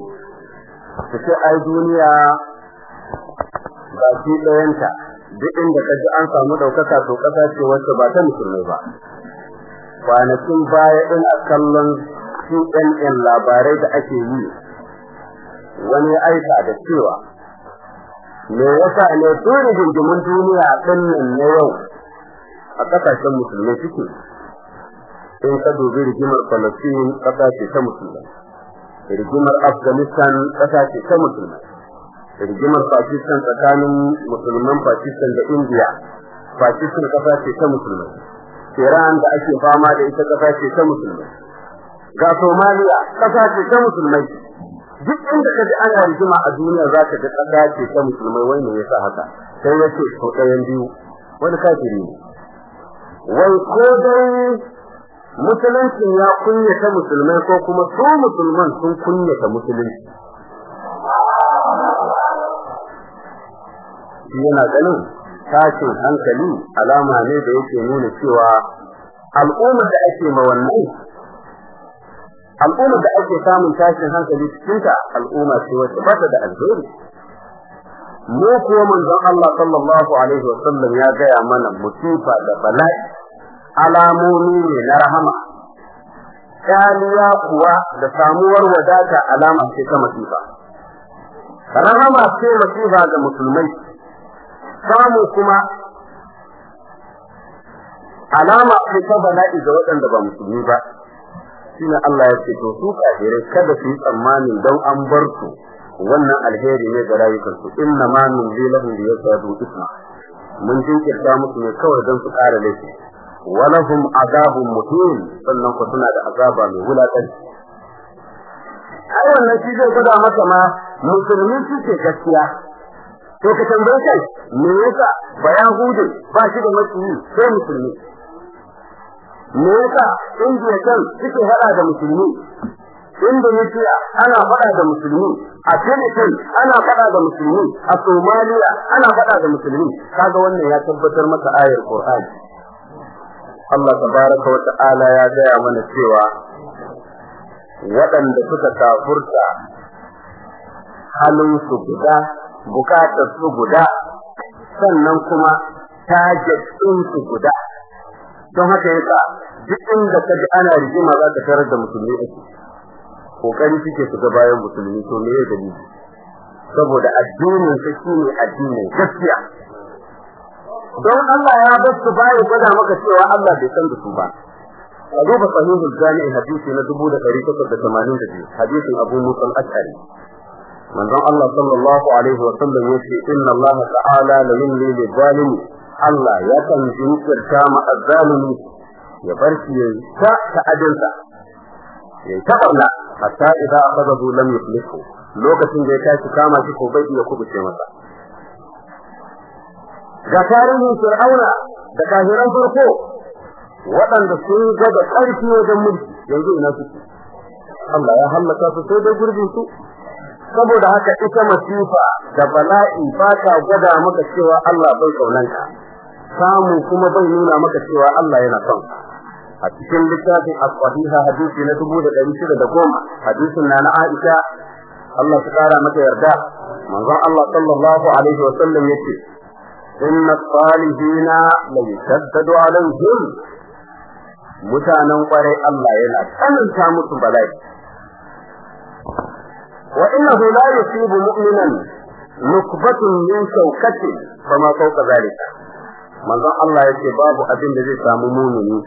su ce ai duniya ba shi ɗayanta duk inda ka ji an samu ɗaukaka to ƙasa ce wacce ba ta musulmai ba kwanakin baya a kallon CNN labarai da ake yi wani aika da cewa me yasa ne tsoron jirgin duniya a nan na yau a kasashen musulmai suke in ka dubi rigimar Palestine kasa ce ta musulmai rigimar Afghanistan kasa ce ta musulmai rigimar Pakistan tsakanin musulman Pakistan da India Pakistan kasa ce ta musulmai Iran da ake fama da ita kasa ce ta musulmai ga Somalia kasa ce ta musulmai duk inda kaji ana rigima a duniya za ka ga kasa ce ta musulmai wai me yasa haka sai yace ko ɗayan biyu wani kafiri ne wai ko dai musulunci ya ta musulmai ko kuma su musulman sun ta musulunci yana ganin tashin hankali alama ne da yake nuna cewa al'ummar da ake ma wannan al'ummar da ake samun tashin hankali cikin ta al'umma ce wacce ba ta da alheri mu kuwa manzon Allah sallallahu alaihi sallam ya gaya mana musifa da bala'i alamomi ne na rahama kariya kuwa da samuwar wadata alama ce ta musifa rahama ce musifa ga musulmai samu kuma alama ce ta bala'i ga waɗanda ba musulmi ba shi ne Allah ya ce to su kafirai kada su tsammanin don an bar su wannan alheri ne ga rayukansu inna ma nunzi da ya yasadu isma mun jinkirta musu ne kawai don su ƙara laifi walahum azabun mutum sannan ku suna da azaba mai wulaƙanci ai wannan shi zai gwada masa ma musulmi ke gaskiya to ka tambaye kai me yasa ba yahudi ba shi da musulmi sai musulmi me yasa indiya kan suke hada da musulmi Indonesia ana faɗa da musulmi, a Philippines ana faɗa da musulmi, a Somaliya ana faɗa da musulmi. Kaga wannan ya tabbatar maka ayar Qur'ani. Allah tabaraka wa ta'ala ya gaya mana cewa waɗanda suka kafurta halin su guda bukatar su guda sannan kuma ta din su guda don haka ya duk inda ka ji ana rigima za ka tarar da musulmi ake kokari suke su ga bayan musulmi to me ya gani saboda addinin sa ne addinin gaskiya don Allah ya bar su bayan gwada maka cewa Allah bai san da su ba a duba sahihul jami'i hadisi na biyu, hadisin Abu Musa al-Ash'ari manzon Allah sallallahu alaihi wa sallam yace inna Allah ta'ala la yumli lil zalimi Allah ya kan jinkirta ma azzalimi ya bar shi ya ta ta'adinsa ya ta barna hatta idza akhadahu lam yuflihu lokacin da ya tashi kama shi ko bai iya kubuce masa ga tarihin fir'auna da kafiran farko waɗanda sun gaba ƙarfi wajen mulki yanzu ina suke Allah ya hallaka su sai da gurbin su saboda haka ita masifa da bala'i ba ta gwada maka cewa Allah bai kaunanka samu kuma bai nuna maka cewa Allah yana son a cikin littafin as-sahiha hadisi na 1610 hadisin na na Aisha Allah ta kara mata yarda manzon Allah sallallahu alaihi wa sallam yace inna salihina la yashaddadu alaihim mutanen kwarai Allah yana tsananta musu bala'i وإنه لا يصيب مؤمنا نكبة من شوكة فما فوق ذلك manzon Allah yake babu abin da zai samu mumini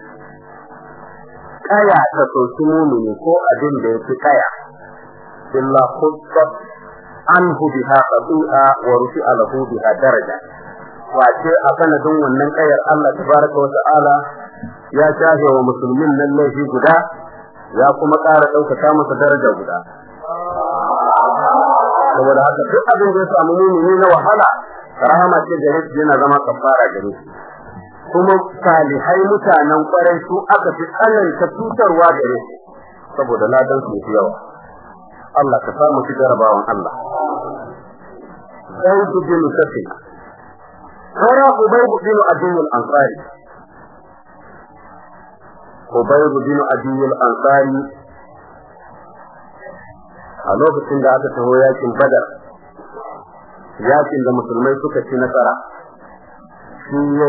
kaya ta soki mumini ko abin da yake kaya illa khutbat anhu biha qatu'a wa rufi'a lahu biha daraja wace a sanadin wannan ƙayar Allah tabaraka wasu ta'ala ya shafe wa musulmin nan laifi guda ya kuma ƙara ɗaukata masa daraja guda saboda haka duk abin da ya samu mumini na wahala rahama ce gare shi yana zama kafara gare shi kuma salihai mutanen kwarai su aka fi tsananta tutarwa gare shi saboda ladan su yawa Allah ka samu shi jarabawan Allah sai ji safi kara ubayb bin adil ansari ubayb bin adil al-ansari a lokacin da aka taho yakin badar yakin da musulmai suka ci nasara shi ya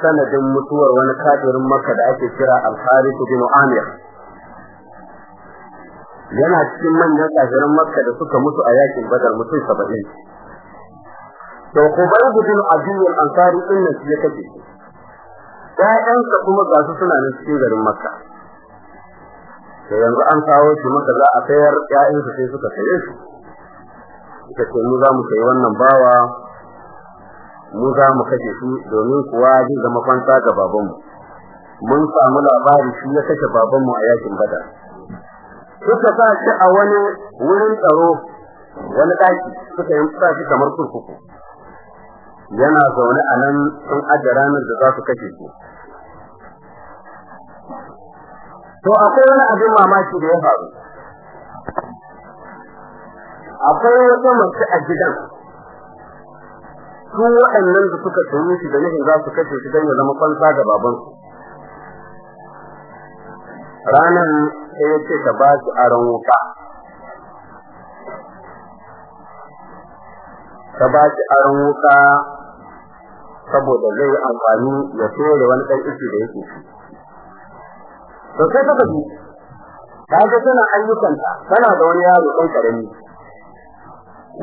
sanadin mutuwar wani kafirin makka da ake kira al-harith bin amir yana cikin manyan kafirin makka da suka mutu a yakin badar mutum 70 to Ubayd bin Abi al-Ansari din ne ya kace ƴaƴansa kuma ga su suna nan cikin garin Makka yanzu an kawo shi maka za a sayar ƴaƴansa sai suka saye shi Ita ce mu za mu sayi wannan bawa mu za mu kashe shi domin kuwa zai zama fanta ga babanmu mun samu labari shi ya kashe babanmu a yakin bada. suka sa shi a wani wurin tsaro wani daki suka yi sa shi kamar kurkuku yana zaune a nan sun ajiye ranar da za su kashe shi to akwai wani abin mamaki da ya faru akwai wata mace a gidan su waɗannan da suka tsaye shi da nufin za su kashe shi don ya zama kwanta da baban ranar sai ya ce ta ba su aron wuka ta ba shi aron wuka saboda zai amfani ya tore wani ɗan ishi da yake shi to sai ta gaji ga tana ayyukanta tana da wani yaro ɗan karami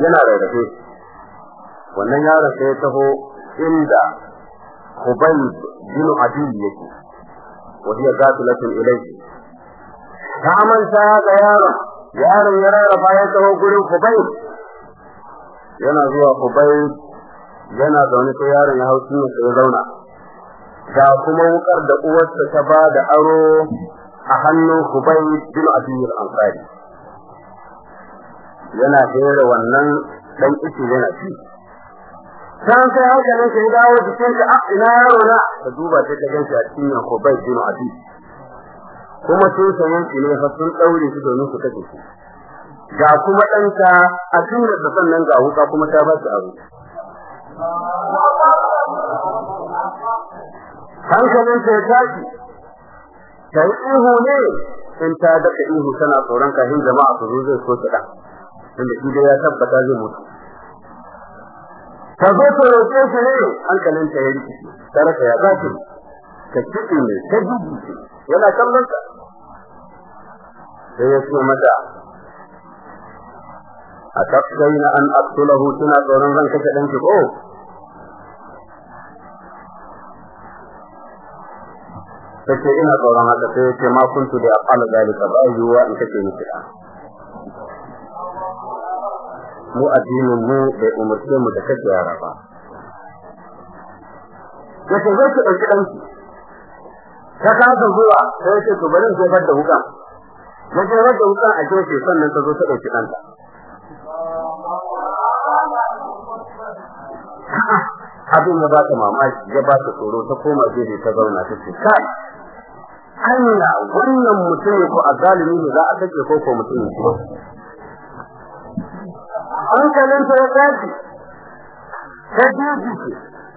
yana rarrafe wannan yaron sai taho inda Hubayb bin adil yake wani ya gasu lakin ilaihi ta manta ga yaron yaron ya rarrafa ya taho gurin kubai yana zuwa Hubayb yana zaune sai yaron ya hau ne ya zauna ga kuma wukar da uwarsa ta ba da aro a hannun Hubay bin Abdul Ansari yana jere wannan dan ice yana ci san sai haka ne sai dawo cikin ta ah, ina yaro na ka duba ta gaban shi a cikin Hubay bin Abdul kuma sun sanin yin ne fa sun daure shi domin su kace shi ga kuma danta a cikin da sannan ga wuka kuma ta ba shi aro hankalin ya tashi ta yi ihu ne in ta daka ihu tana tsoron kashin jama'a su zo zai so ta da inda shi da ya tabbata zai mutu Ka zo ka roƙe shi ne hankalin ya rikici ta rasa ya za ta ta ciki ne ta jiji yana kallon ka. sai ya so mata a tafsai na an aktulahu tana tsoron ranka ta ɗan ki ko take ina tsoron haka sai yake ma kuntu da aqala zalika ba yuwa in kace ni da mu adinu mu da umurce mu da kake yara ba yake zai ki dauki ka ta kasa zuwa sai yake to bari in jefar da wuka yace rage huka a gefe sannan ta zo ta dauki danta abin da ba ta mamaki ya ba ta tsoro ta koma jeje ta zauna ta ce kai Allah wannan mutum ko azalimi ne za a kace ko ko mutum ne an kalin ta kaji ta daji ka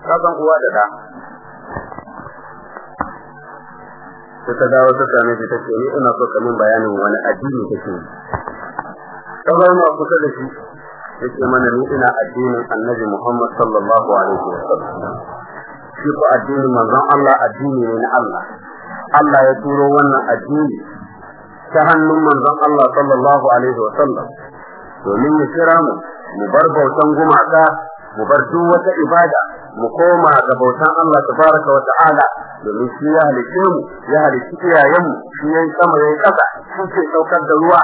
kaban uwa da da ta ta dawo ta same ta ce ni ina so kamin bayanin wani addini kake ta ba mu kusa da shi yake mana ni ina addinin Annabi Muhammad sallallahu alaihi wasallam shi ko addinin manzon Allah addini ne na Allah Allah ya turo wannan addini ta hannun manzon Allah sallallahu alaihi wasallam domin ya kira mu mu bar bautan gumaka mu bar duk wata ibada mu koma ga bautan Allah tabaraka wa ta'ala domin shi ya halice mu ya halice iyayen mu shi yayi sama yayi kasa shi ke saukar da ruwa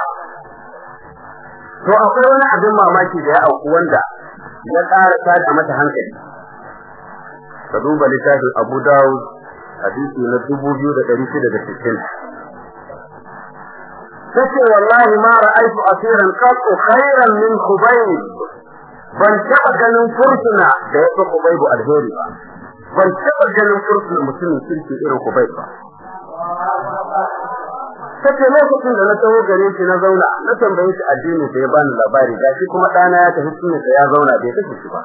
to akwai wani abin mamaki da ya auku wanda ya ƙara tada mata hankali ka duba littafin Abu Dawud hadisi na dubu biyu da da ɗari shida 2660 kace wallahi ma ra'aytu asiran qat khairan min khubayb ban taba ganin furtuna da yafi khubayb alheri ba ban taba ganin furtuna mutumin kirki irin khubayb ba kace lokacin da na tawo gare shi na zauna na tambaye shi addini da ya bani labari gashi kuma ɗana ya tafi sunna ya zauna bai kace shi ba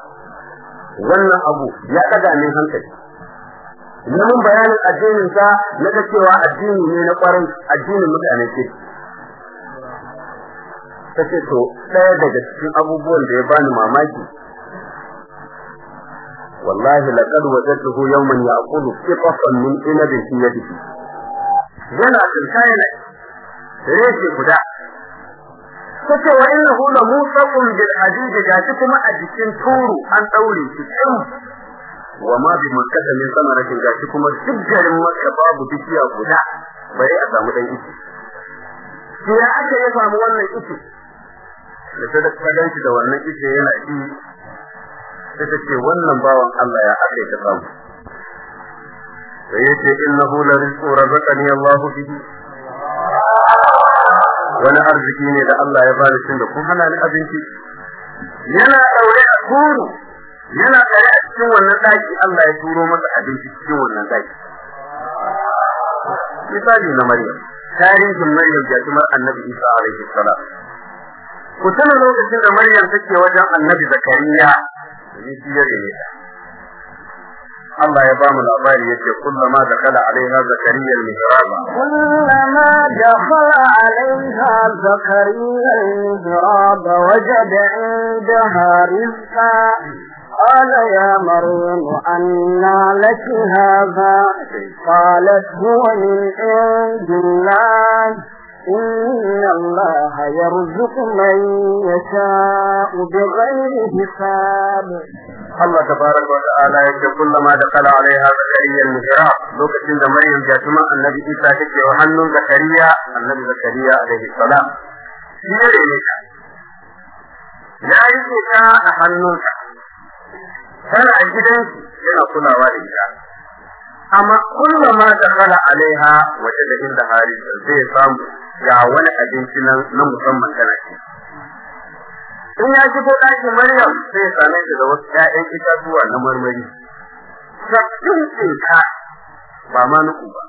wannan abu ya ɗaga min hankali nan bayanin addinin sa na ga cewa addini ne na kwarai addinin mutane ce take to ɗaya daga cikin abubuwan da ya bani mamaki wallahi laqad wajadtuhu yawman ya'qulu qitafan min inabi fi yadihi yana tsaya ne ce guda kace wa innahu la musaqul bil hadid ga kuma a jikin turu an daure shi wa ma bi makkata min samaratin gashi kuma duk garin makka babu bishiya guda bare a samu dan ici to ya aka ya samu wannan ici da ta ta ganci da wannan ici yana ci sai ta ce wannan bawan Allah ya aka ta samu sai ce innahu la rizqu razaqani Allah bihi wani arziki ne da Allah ya bani tun da kun hana ni abinci yana daure a guru yana daure a cikin wannan daki Allah ya turo masa abinci cikin wannan daki misali na Maryam tarihin Maryam ga kuma Annabi Isa alaihi salam ku tana lokacin da Maryam take wajen Annabi Zakariya ne shi ya rene ta Allah ya ba mu labari yake kullama da kala alaiha zakariya al-mihrab kullama dakhala alaiha zakariya al-mihrab wajada indaha rizqan قال يا مريم أنا لك هذا قالت هو من عند الله إن الله يرزق من يشاء بغير حساب الله تبارك وتعالى يقول كلما دخل عليها زكريا المحراب لوك ده مريم جاتما النبي عيسى تكي وحن زكريا النبي زكريا عليه السلام شيء يا يسوع أحنن tana a gidansu yana kulawa da gida. amma kullum ma da kala alaiha wace da inda hali zai samu ga wani abinci nan na musamman kana ci in ya shigo ɗakin maryam sai same shi da wasu ƴaƴan itatuwa na marmari sabbin tsinka ba ma nuku ba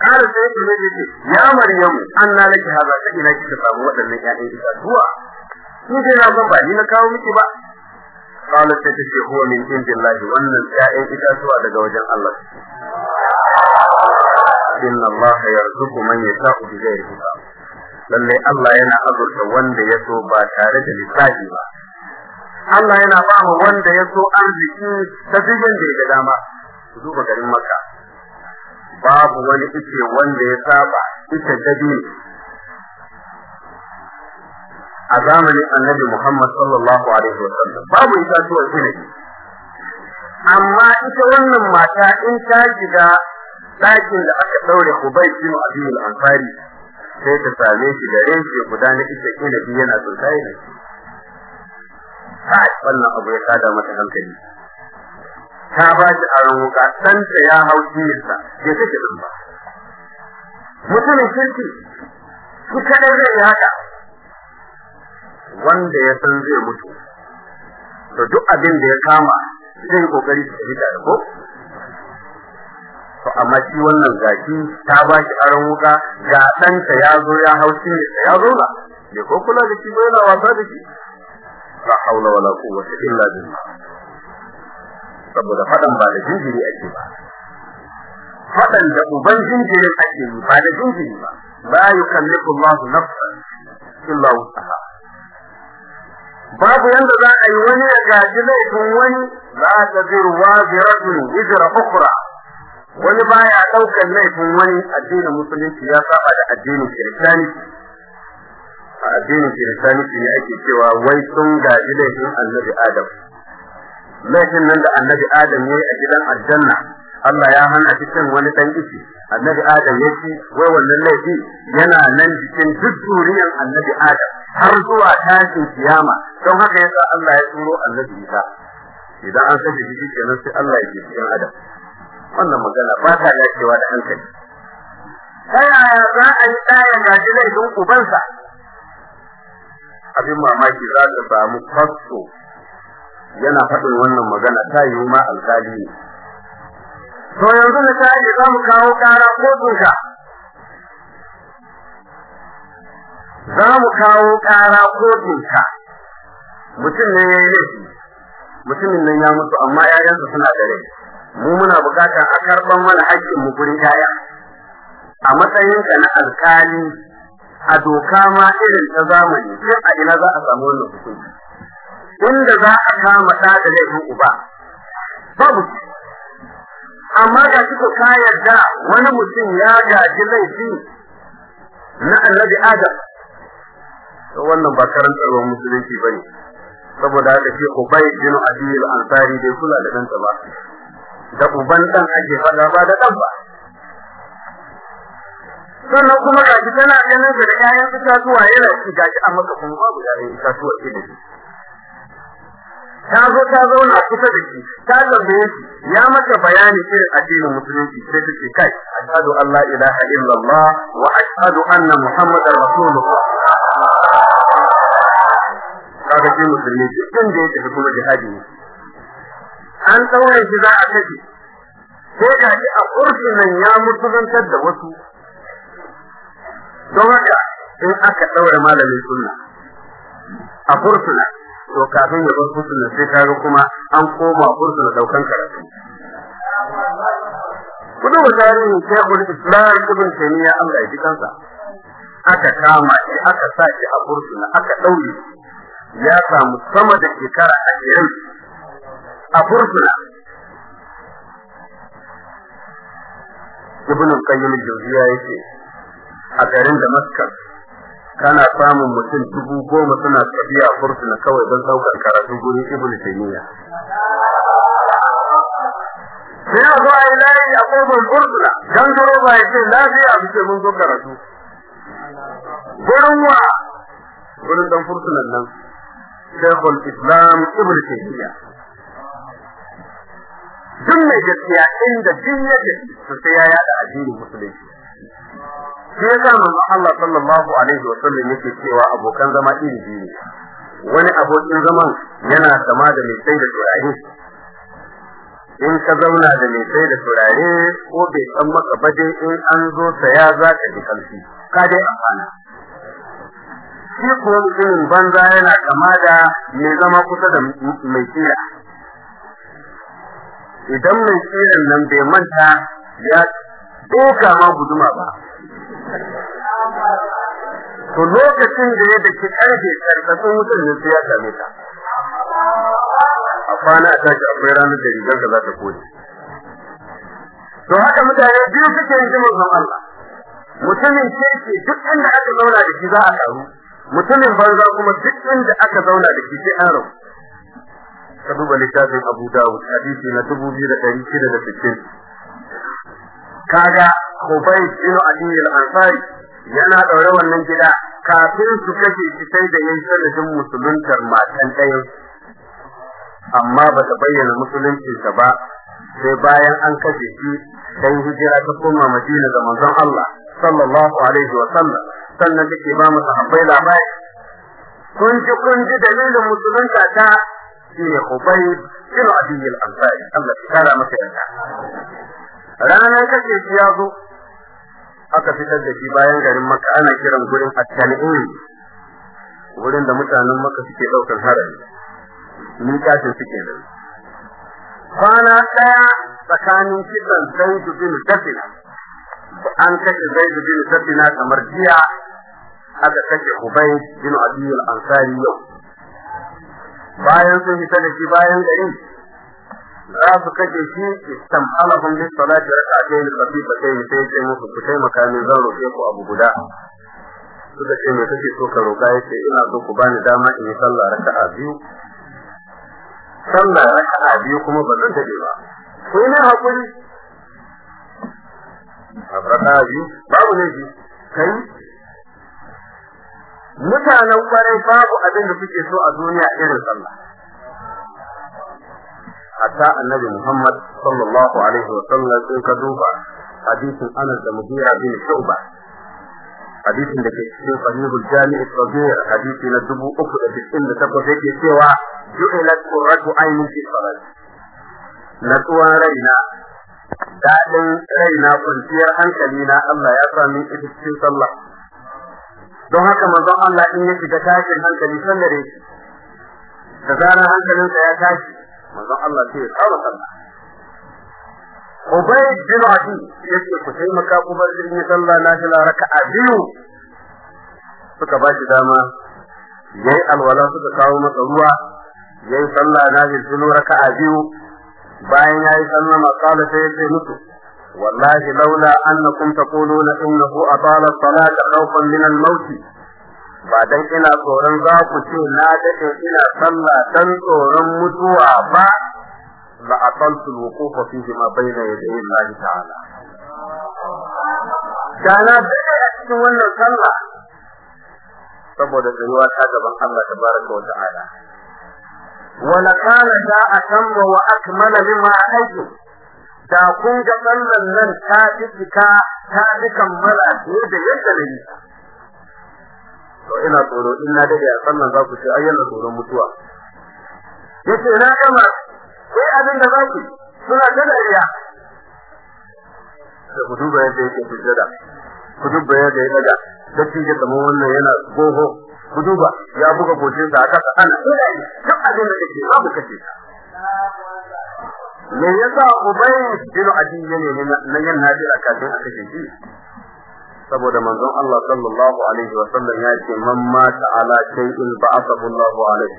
kare sai ki ne ya maryamu an na laki haza sai ina kika samu waɗannan ƴaƴan itatuwa ni dai na san ba ni na kawo miki ba qalat ta ce huwa min indillahi wannan ya'yan itatuwa daga wajen Allah inna Allah yarzuqu man yasha'u bi ghairi hisab lalle Allah yana azurta wanda ya so ba tare da lissafi ba Allah yana ba mu wanda ya so arziki ta cikin da ya dama ku duba garin Makka babu wani ice wanda ya saba ita dabi a zamanin annabi Muhammad sallallahu alaihi wa sallam babu itatuwar ne amma ita wannan mata in ta shiga ɗakin da aka ɗaure Hubay bin Abi al-Ansari sai ta same shi da reshe guda na ita inabi yana tsuntsaye da shi kai wannan abu ya kada mata hankali ta ba shi aron wuka ɗanta ya hau jiyarsa ya take ɗin ba mutumin kirki ku kaɗai zai yi haka wanda ya san zai mutu to duk abin da ya kama zai kokari su tafi da ko to amma shi wannan zaki ta ba shi aron wuka ga ɗanta ya zo ya shi ne ya zo na ko kula da shi ba yana wasa da shi la haula wala quwwata illa billah saboda fadan ba da jinjiri ake ba fadan da uban jinjirin ake yi ba da jinjiri ba la yukallifu Allahu nafsan illa wusaha babu yanda za a yi wani ya gaji laifin wani za ta zirwa ziratun hijira ukura wani baya ɗaukar laifin wani addinin musulunci ya saba da addinin kiristaniki a addinin kiristaniki ne ake cewa wai sun gaji laifin annabi adam laifin nan da annabi adam ya yi a gidan aljanna Allah ya hana cikin wani ɗan ishi annabi adam yake wai wannan laifi yana nan cikin duk zuriyar annabi adam har zuwa tashin kiyama don haka yasa Allah ya tsoro annabi Isa idan an sake shi kenan sai Allah ya ji cikin adam wannan magana ba ta dacewa da hankali ta yaya za a yi ɗaya gaji laifin ubansa abin mamaki za ka samu fasto yana faɗin wannan magana ta yi ma alƙali ne to yanzu misali za mu kawo ƙara kotunka za mu kawo ƙara kotunka mutum ne ya yi laifi mutumin nan ya mutu amma 'ya'yansa suna da mu muna bukata a karɓar mana haƙƙin mu gurin 'ya'ya a matsayinka na alkali a doka ma irin ta zamani sai a ina za a samu wannan hukunci inda za a kama ɗa da laifin uba babu amma da suka ka yarda wani mutum ya gaji laifi na annabi adam to wannan ba karantarwar musulunci bane saboda haka shi ubay bin abi al-ansari dai kula da danta ba da uban dan ake fada ba da dan ba sannan kuma gaji tana ganin da ƴaƴan zuwa yana shi gaji a maka kuma babu ƴaƴan itatuwa ke da ta zo ta zauna kusa da shi ta lambaye shi ya mata bayani irin addinin musulunci sai ta ce kai ashhadu an la ilaha illallah wa ashhadu anna muhammadar rasulullah kaga Ta musulmi ce din da yake kuma jihadi ne an tsawon shi za a tafi sai ga shi a kurfi nan ya zantar da wasu don haka in aka ɗaure malamin sunna a fursuna to kafin ya bar kursun da sai kaga kuma an koma kursun da daukan karatu kudu da tarihin shekul islam ibn taymiya Allah ya ji kansa aka kama shi aka sa shi a kursuna aka daure ya samu sama da shekara ashirin a kursuna ibn qayyim al-jawziya yake a garin damascus kana samun mutum dubu goma suna tafiya fursuna kawai don saukar karatu guri ibn taymiya sai a zo a yi layi a kofar fursuna don garo ba yake lafiya a ce mun zo karatu gurin wa gurin don fursunan nan shekul islam ibn taymiya duk mai gaskiya inda duk da su sai ya yada addinin musulunci sai yasa manzo Allah sallallahu alaihi wa sallam yake cewa abokan zama iri biyu wani abokin zaman yana sama da mai sai da turare in ka zauna da mai sai da turare ko bai san maka ba dai in an zo ya za ka ji kalfi ka dai amfana shi ko mutumin banza yana kama da mai zama kusa da mai kira idan mai kiran nan bai manta ya ɗoka ma guduma ba to lokacin da ya daki karfe karfafin wutar ne sai ya same ta a kwana a tashi akwai ranar da rigar ka za ta kone to haka mutane biyu suke yin jimin zan Allah mutumin kirki duk inda aka zauna da shi za a karu mutumin banza kuma duk inda aka zauna da shi sai an rabu ka duba littafin Abu Dawud hadisi na 2660 kaga Ubay ibn Abi al-Ansari yana ɗaure wannan gida kafin su kashe shi sai da yin sanadin musuluntar matan ɗayan amma ba ta bayyana musuluncinsa ba sai bayan an kashe shi sai hijira ta koma Madina da manzon Allah sallallahu alaihi wa sallam sannan take ba mu sahabbai labari kun ji kun ji dalilin musulunta ta shine Ubay ibn Abi al-Ansari Allah ya kara masa yanka ranar kace shi ya zo aka fitar da shi bayan garin maka ana kiran gurin at gurin da mutanen maka suke daukar harami min kashin suke nan kwana ɗaya tsakanin kitan zaidu bin safina an kashe zaidu bin safina kamar jiya aka kashe ubay bin abiyul ansari yau bayan sun fita da shi bayan garin za su kashe shi istam alafin bi salati rak'atayn khafifatayn sai ya ce musu ku taimaka min zan roƙe ku abu guda suka ce me kake so ka roƙa ce ina so ku bani dama in yi sallah raka'a biyu sallah raka'a biyu kuma ba zan dade ba ko ina hakuri raka'a biyu babu laifi, ji kai mutanen kwarai babu abin da kuke so a duniya irin sallah hatta annabi Muhammad sallallahu alaihi wa sallam in ka duba hadisin Anas da Mujira bin Shuba, hadisin da ke cikin sahihul jami' as-saghir hadisi na 398 yake cewa ju'ilat qurratu ayni fi salat natsuwa raina dadin raina kwanciyar hankali na Allah ya sami ita cikin sallah don haka manzon Allah in ya shiga tashin hankali sallar da zarar hankalinsa ya tashi manzon Allah sai ya kama sallah Ubay bin Adi yake ku taimaka ku bar jirgin sallah na shi raka'a biyu suka ba shi dama yayi alwala suka kawo masa ruwa yayi sallah na jirgin raka'a biyu bayan yayi sallah makala sai ya ce musu والله لولا أنكم تقولون إنه أطال الصلاة خوفا من الموت ba dan ina tsoron za ku ce na dace ina sallah dan tsoron mutuwa ba la atantu alwuquf fihi ma bayna yaday Allah ta'ala kana dade a cikin wannan sallah saboda tsayuwa ta gaban Allah tabaraka wa ta'ala wala kana da atamma wa akmala bima aiki da kun ga sallan nan ta cika ta dukan mara da yadda ne to ina tsoro in na dade a sannan za ku ce ayyana tsoron mutuwa yace na kama sai abin da zaki suna da dariya da ku duba yadda yake sujjada ku duba yadda ya daga dace da kamar wannan yana goho ku duba ya buga gocin sa aka ana duk abin da yake babu kace me yasa ubayi bin adi ne ne nan yana hadira kafin aka ji? saboda manzon Allah sallallahu alaihi wa sallam ya ce man mata ala shay'in ba'athahu Allahu alaihi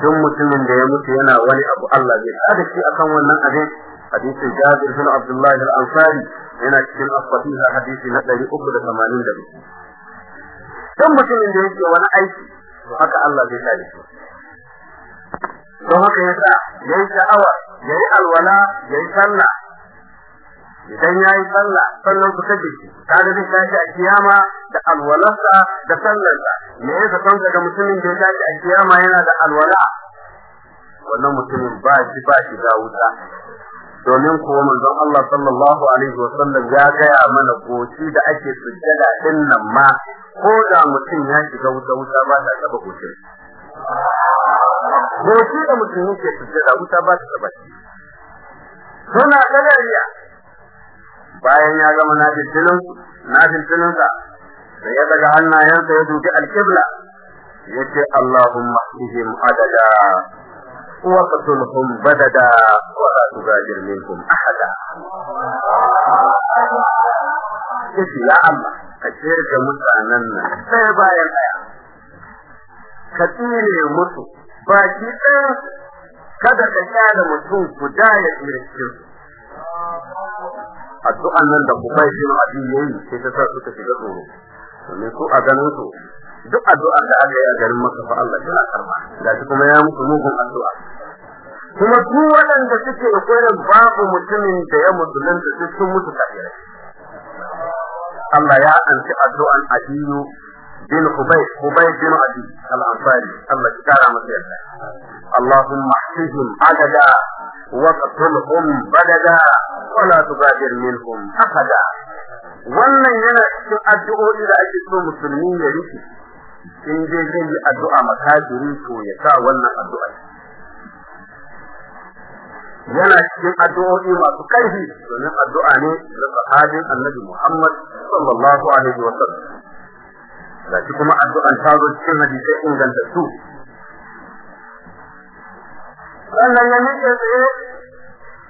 duk mutumin da ya mutu yana wani abu Allah zai kada shi akan wannan abin hadisi Jabir bin Abdullah al-Ansari yana cikin as hadisi na 382 duk mutumin da yake wani aiki haka Allah zai kare shi don haka yasa yayi sha'awa yayi alwala yayi sallah idan yayi tsalla, sannan ku take shi da zai tashi a kiyama da alwalarsa da sallarsa me yasa kan daga mutumin da ya tashi a kiyama yana da alwala wannan mutumin ba shi ba shi da wuta domin kuwa manzon Allah sallallahu alaihi wa sallam ya gaya mana goci da ake sujjada din nan ma ko da mutum ya shiga wuta wuta ba ta taba goci goci da mutum yake sujjada wuta ba ta taba shi suna riya bayan ya gama nafilin nafilin sa da ya daga hannayensa ya duki ya ce Allahumma ihdihim adada wa qatulhum badada wa la tubajir minkum ahada yace ya Allah ka tsere da mutanen nan sai bayan daya ka tsire musu baki ɗaya kada ka kyale mutum guda ya tsire cikin addu'an nan da Ubay bin Abi yayi sai ta sa suka shiga tsoro domin su a ganin su duk addu'ar da aka yi a garin maka fa Allah ya karba gashi kuma ya mutu mugun addu'a kuma su waɗanda suke da babu mutumin da ya musulunta sun mutu kafirai Allah ya ansi addu'an adiyu bin Ubay Ubay bin Abi al Allah ya kara masa yarda Allahumma ihdihim adada wa qatulhum badada wa la tugadir minhum ahada wannan yana cikin addu'o'i da ake so musulmi ya rike in je zai yi addu'a makajiri to ya sa wannan addu'a yana cikin addu'o'i masu kaifi domin addu'a ne da sahabin annabi Muhammad sallallahu alaihi wa Lati shi kuma addu'an ta zo cikin hadisai ingantattu sannan ya miƙe tsaye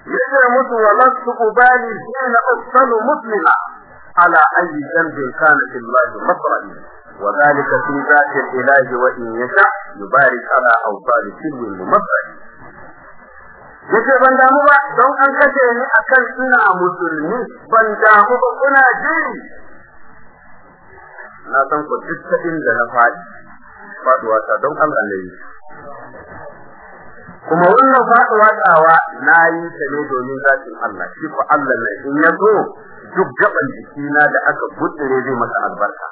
ya ce musu wa lasu ubali hina uqtalu muslima ala ayyi dhanbin kana billahi masra'i wa zalika fi dhati ilahi wa in yasha yubarik ala awsali sirrin Ya ce ban damu ba don an kace ni kan ina musulmi ban damu ba kuna jiri na san ku duk ta inda na faɗi faɗuwa ta don Allah ne kuma wannan faɗuwa tsawa na yi ta ne domin zatin Allah shi ku Allah ne in ya zo duk gaban jikina da aka gudure zai masa albarka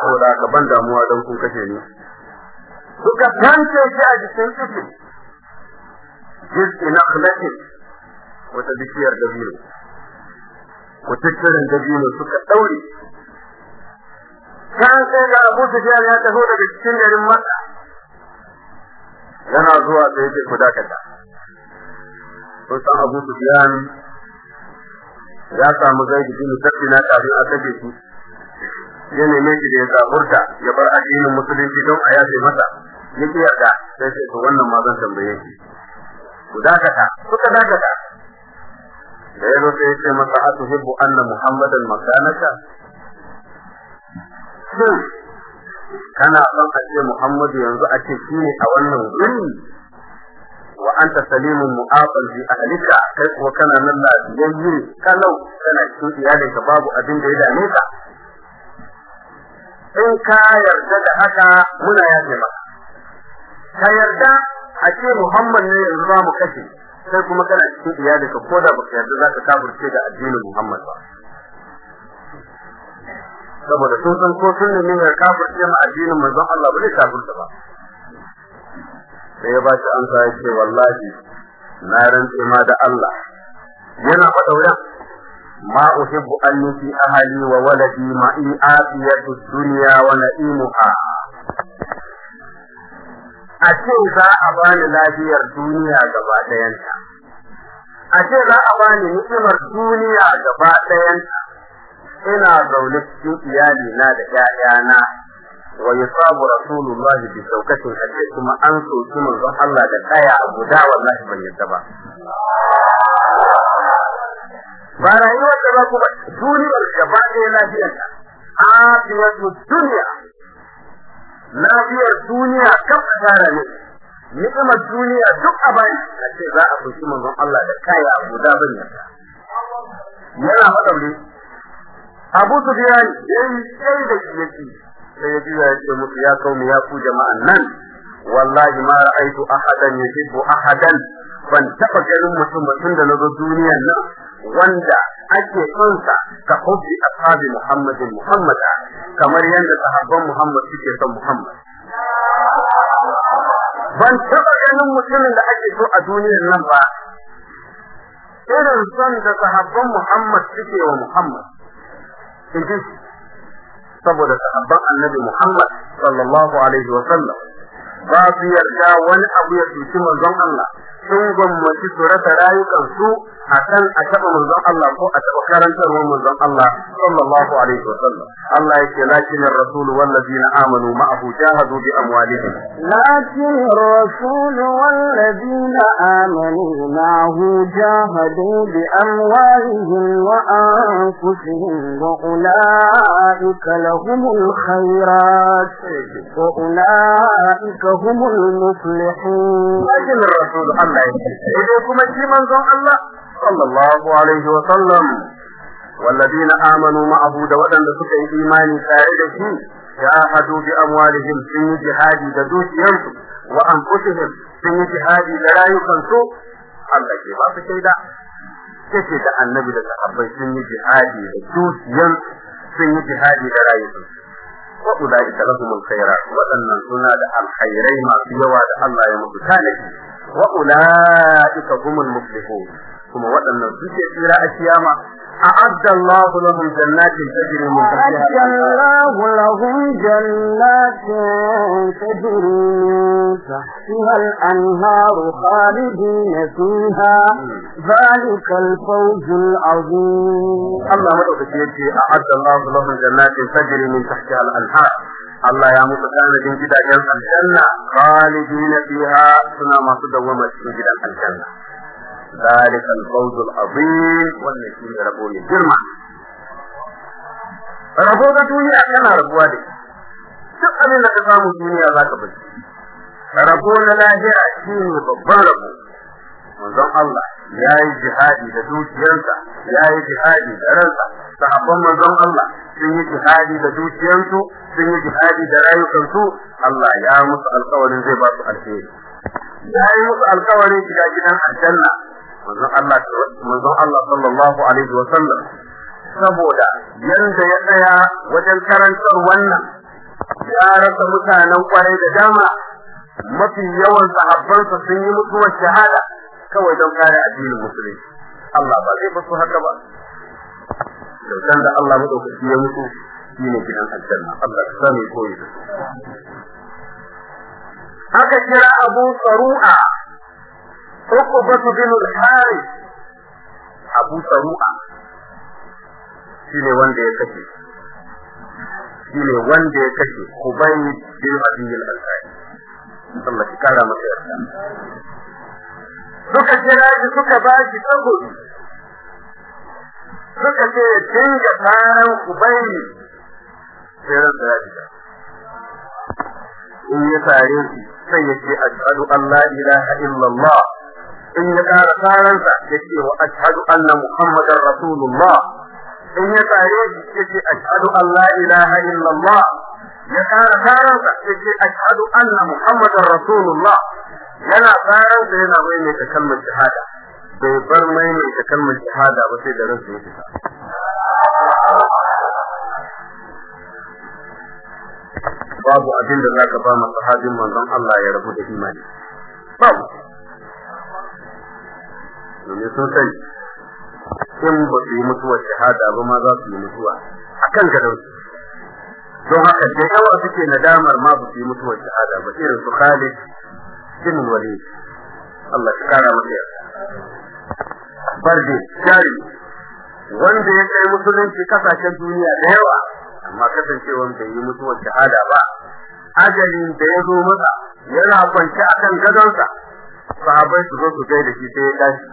saboda ka ban damuwa don kun kashe ni suka ce shi a jikin ciki jikin akhlaƙi wata bishiyar biyu. wata kiran dabino suka daure kan sai ga Abu Sufyan ya taho daga cikin garin Makka yana zuwa sai yake kuda kada kun san Abu Sufyan ya samu gaidi bin Sabina kafin a kace shi ya neme shi da ya zaburta ya bar addinin musulunci don a yafe masa yake yarda sai sai to wannan ma zan tambaye shi ku dakata suka dakata da ya zo sai ya ce masa a tuhibbu anna muhammadan makanaka shin kana son a ce muhammadu yanzu a ce shi ne a wannan wuri wa anta salimun mu'aqal bi ahlika kai kuma kana nan lafiyayye kalau kana cikin ka babu abin da ya dame ka in ka yarda da haka muna yaje maka ka yarda a ce muhammad ne yanzu ba mu kashe sai kuma kana cikin ka ko da baka yarda za ka kafirce da addinin Muhammad ba saboda sun san ko sun nemi ya kafirce ma addinin manzon Allah ba zai kafirta ba sai ya ba shi an ya ce wallahi na rantse ma da Allah yana faɗa an ما أحب wa waladi ma in معي dunya wa na'imuha a ce za a bani lafiyar duniya gaba ta a ce za a bani ni'imar duniya gaba ɗayanta ina zaune cikin iyali na da na wa yusabu rasulullah bi saukatin ake kuma an soki zan Allah da kaya a guda wallahi ban yadda ba ba rayuwar da ba kuma duniyar gaba lafiyar lafiyarta a duniyar duniya lafiyar duniya kan asara ne ni'imar duniya duk a bayan a ce za a fushi manzon Allah da kaya a guda bin nan yana madauri Abu Sufyan yi sai da yake sai ya juya ya ce musu ya kaumi ya ku jama'an nan wallahi ma ra'aitu ahadan yuhibbu ahadan ban taɓa ganin mutum mutum da na zo duniyar nan wanda ake son ka ka a ashabi Muhammadin Muhammada kamar yadda sahabban Muhammad suke son Muhammad ban taɓa ganin mutumin da ake so a duniyar nan ba irin son da sahabban Muhammad suke wa Muhammad inji saboda sahabban Annabi Muhammad sallallahu alaihi wa sallam ba su yarda wani abu ya cuci manzon Allah sun gwammaci su rasa rayukansu حسن أشق من ذن الله أشقر أنت من ذن الله صلى الله عليه وسلم الله يكي لكن الرسول والذين آمنوا معه جاهدوا بأموالهم لكن الرسول والذين آمنوا معه جاهدوا بأموالهم وأنفسهم وأولئك لهم الخيرات وأولئك هم المفلحون لكن الرسول الله يكي لكم الجيمان ذن الله صلى الله عليه وسلم والذين آمنوا معه دودا لسكا إيمان سائدة جاهدوا بأموالهم في جهاد دوش ينسو وأنفسهم في جهاد لا يكنسو الله يبقى في شيء kace da annabi da sahabbai sun yi jihadi da dukiyan sun yi jihadi da rayuwa wa ulai lahumul khairat wadannan suna da alkhairai masu yawa da Allah ya mutu tanaki وأولئك هم المفلحون ثم kuma waɗannan إلى tsira أعد الله لهم جنات تجري من تحتها أعد الله لهم جنات تجري من تحتها الأنهار خالدين فيها ذلك الفوز العظيم الله مدعوك أعد الله لهم جنات تجري من تحتها الأنهار Allah ya muku musu tanadin gidajen aljanna khalidina fiha suna masu dawama cikin gidan aljanna ذلك الفوز العظيم والذي ربو الجرمى rabo da duniya kana rabuwa da duk abin da ka samu duniya zaka bari rabo na lahira shine babban rabo manzon Allah ya yi jihadi da dukiyarsa ya yi jihadi da ransa sahabban manzon Allah sun yi jihadi da dukiyarsu sun yi jihadi da rayukansu Allah ya musu alkawarin zai ba su alheri ya yi musu alkawarin shiga gidan aljanna manzon Allah manzon Allah sallallahu alaihi wa sallam saboda yanda ya tsaya wajen karantar wannan ya rasa mutanen kwarai da dama mafi yawan sahabbansa sun yi mutuwar shahada kawai don kare addinin musulunci Allah ba zai musu haka ba kyautan da Allah madaukaki ya musu shine gidan aljanna Allah ya sani koyi haka kira Abu Saru'a Uqbah bin al-Harith Abu Saru'a shine wanda ya kace shine wanda ya kace Ubay bin Abi al-Ansari Allah ya kara masa yarda suka jira shi suka ba shi tsaguri suka ce ya dinga tsaran kubai sai da ya in ya tare shi sai ya ce ashhadu an la ilaha illallah in ya ƙara tsaransa ya ce wa ashhadu anna muhammadar rasulullah in ya tare shi ya ce ashhadu an la ilaha illallah ya kara karansa ya ce ashhadu anna muhammadar rasulullah yana karansa yana mai mai kalmar jihada. bai bar mai mai kalmar jihada ba sai da ransa ya fita babu abin da zaka ba masa sahabin manzon Allah ya rabu da imani babu domin sun sani in ba su yi mutuwar shahada ba ma za su yi mutuwa akan gadon su don haka da yawa suke nadamar ma ba su yi mutuwar shahada ba irin su Khalid bin Walid Allah ya kara masa yarda barde jari wanda ya kai musulunci kasashen duniya da yawa amma kasancewan bai yi mutuwar shahada ba ajalin da ya zo masa yana kwance akan gadonsa sahabbai su zo su da shi sai ya tashi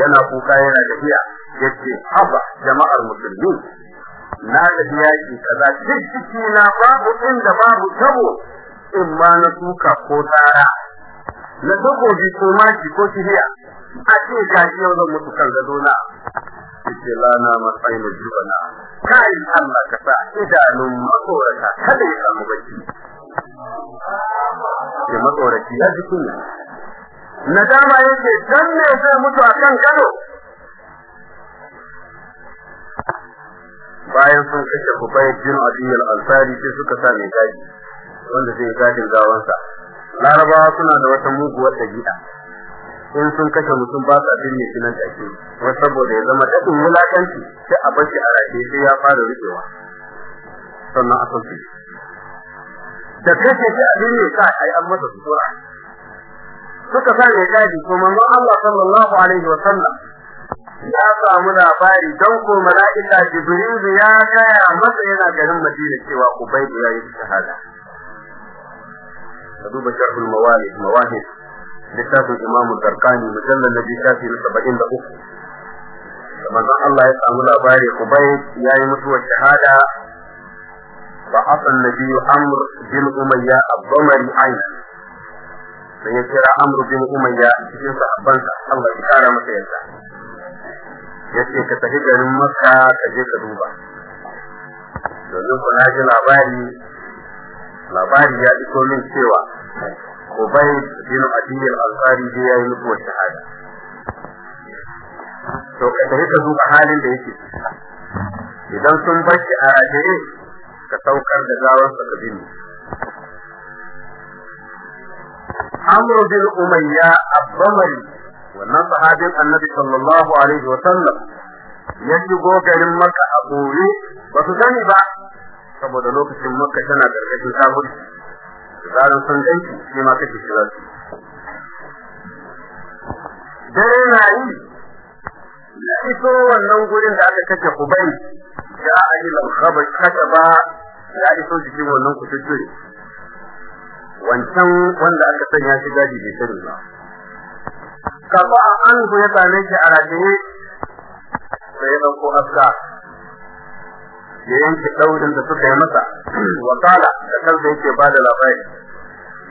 yana kuka yana tafiya yace haba jama'ar musulmi na tafi yaƙi kaza duk ciki na babu inda babu tabo in ma na tuka ko tsara na takobi ko maki ko kihiya a ce shi yau zan mutu kan gado na ce lana matsayin jibana kai Allah ka sa idanun makorata kada ya samu baki ke matsoraci ya ji na nadama yake dan me zai mutu akan gado bayan sun kashe kufayin jin adiyar alfari sai suka sa mai gaji wanda zai gadin gawansa larabawa suna da wata muguwar dabi'a in sun kashe mutum ba sa binne mai nan take wai saboda ya zama dadin wulakanci sai a bashi a rake sai ya fara rikewa sannan a sauke da kashe shi a binne sa yi an masa sutura suka sa mai gaji kuma manzon Allah sallallahu alaihi wa sallam ya samu labari don ko mala'ika Jibril ya gaya masa yana garin Madina cewa Ubayd ya yi shahada duba sharhul mawahid mawahid littafin Imam Zarqani mujallal nabi shafi na 73 manzon Allah ya samu labari Ubayd ya yi mutuwar shahada فعطى nabi amr bin umayya الضمري عينه sai ya kira Amr bin Umayya cikin sahabbansa Allah ya kara masa yarda yace ka tafi garin maka ka je ka duba domin na ji labari labari ya iko min cewa ko bai dinu Adi al-Ansari dai yi mutuwar shahada to ka tafi ka duba halin da yake idan sun bar shi a ajiye ka saukar da gawarsa ka bini Amr bin Umayya Abbamari wannan sahabin annabi sallallahu alaihi wa sallam ya shigo garin makka a buri ba su sani ba saboda lokacin makka tana gargashin kafin tsarin sun ganki shi ma kake shiga su dare na yi na iso wannan gurin da aka kashe kubai ya ayi lamhabar kashe ba ya iso jikin wannan kusurturi wancan wanda aka sanya shi daji bai sani ba kafa a an ya same shi a rajiye sai ya ɗauko haska ya yanke ɗaurin da suka yi masa kala da da yake ba da labari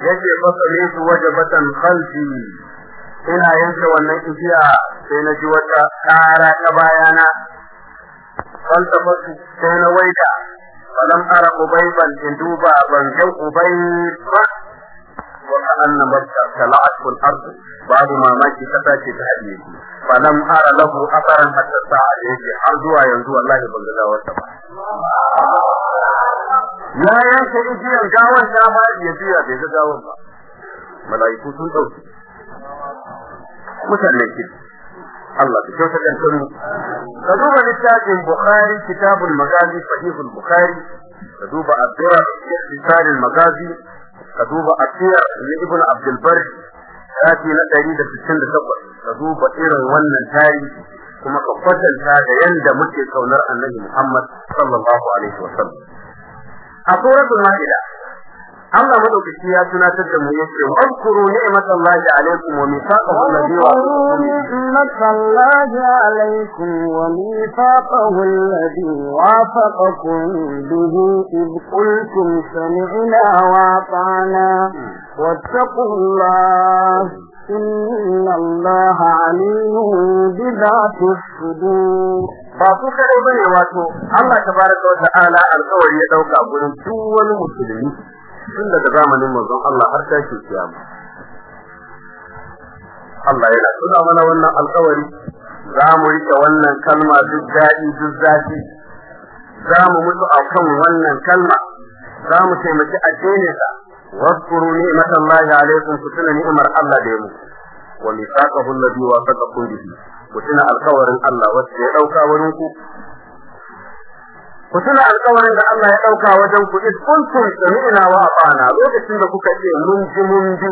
yake ne su waje batan khalfi ina yanke wannan igiya sai na ji wata ƙara ta bayana falsafatu sai na waida falam ara ubayban in duba ban ubai ba. anna makka tala'at al-ard babu mamaki kasa ce ta hadiye shi falam ara lahu asaran hatta sa'a yake har zuwa yanzu wallahi ban ga gawar ba ya yanke igiyar gawar ta ba ya biya bai ga gawar ba mala'iku sun dauke mutanen kiri Allah ta kyauta da ka duba littafin Bukhari kitabul magazi sahihul Bukhari ka duba addu'a fi magazi كذوب أكيا لابن عبد البر هذه لا في السنة الثقل كذوب إير ون الثاري ثم قفت الثاد يند متي كونر النبي محمد صلى الله عليه وسلم أقول لكم ما Allah madaukaki ya tunatar da mu yake uzkuru ni'matallahi alaikum wa mithaqahu alladhi wa'adakum ni'matallahi alaikum wa mithaqahu alladhi wa'afaqakum bihi id qultum sami'na wa ata'na wattaqullaha إن الله عليم بذات الصدور ba ku kadai bane wato Allah tabaraka wa ta'ala alƙawari ya dauka gurin duk wani musulmi tun daga zamanin manzon Allah har tashi kiyama Allah yana tuna mana wannan alƙawari za mu rike wannan kalma duk daɗi duk zafi za mu mutu a kan wannan kalma za mu taimaki addininsa waskuru ni'mat Allah alaikum ku tuna ni'mar Allah da mu wa misaqahu alladhi wasaqakum bihi ku tuna alƙawarin Allah wacce ya dauka wurin ku ku tuna alƙawarin da Allah ya dauka wajen ku is kuntum sami'na wa ata'na lokacin da kuka ce mun ji mun ji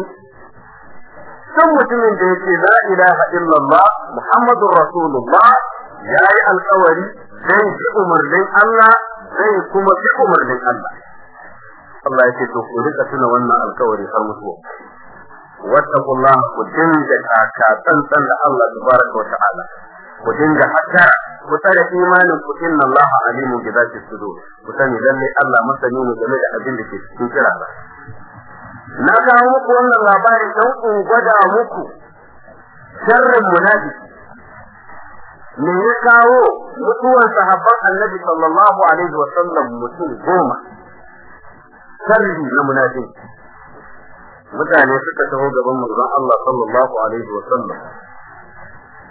san mutumin da yake la ilaha illallah muhammadur rasulullah yayi alƙawari zai ji umarnin Allah zai kuma ji umarnin Allah Allah ya to ku rika tuna wannan alƙawari har mutuwa wattaqullaha ku dinga ka tsantsan da Allah tabaraka wa ta'ala ku dinga hattara ku tare imanin ku inna Allah alimu bi zati sudur ku sani lalle Allah masani ne game da abin da ke cikin kira na kawo muku wannan labari don in gwada muku sharrin munafiki me ya kawo mutuwar sahabban annabi sallallahu alaihi wa sallam mutum goma sharri na munafiki mutane suka taho gaban manzon Allah sallallahu alaihi wa sallam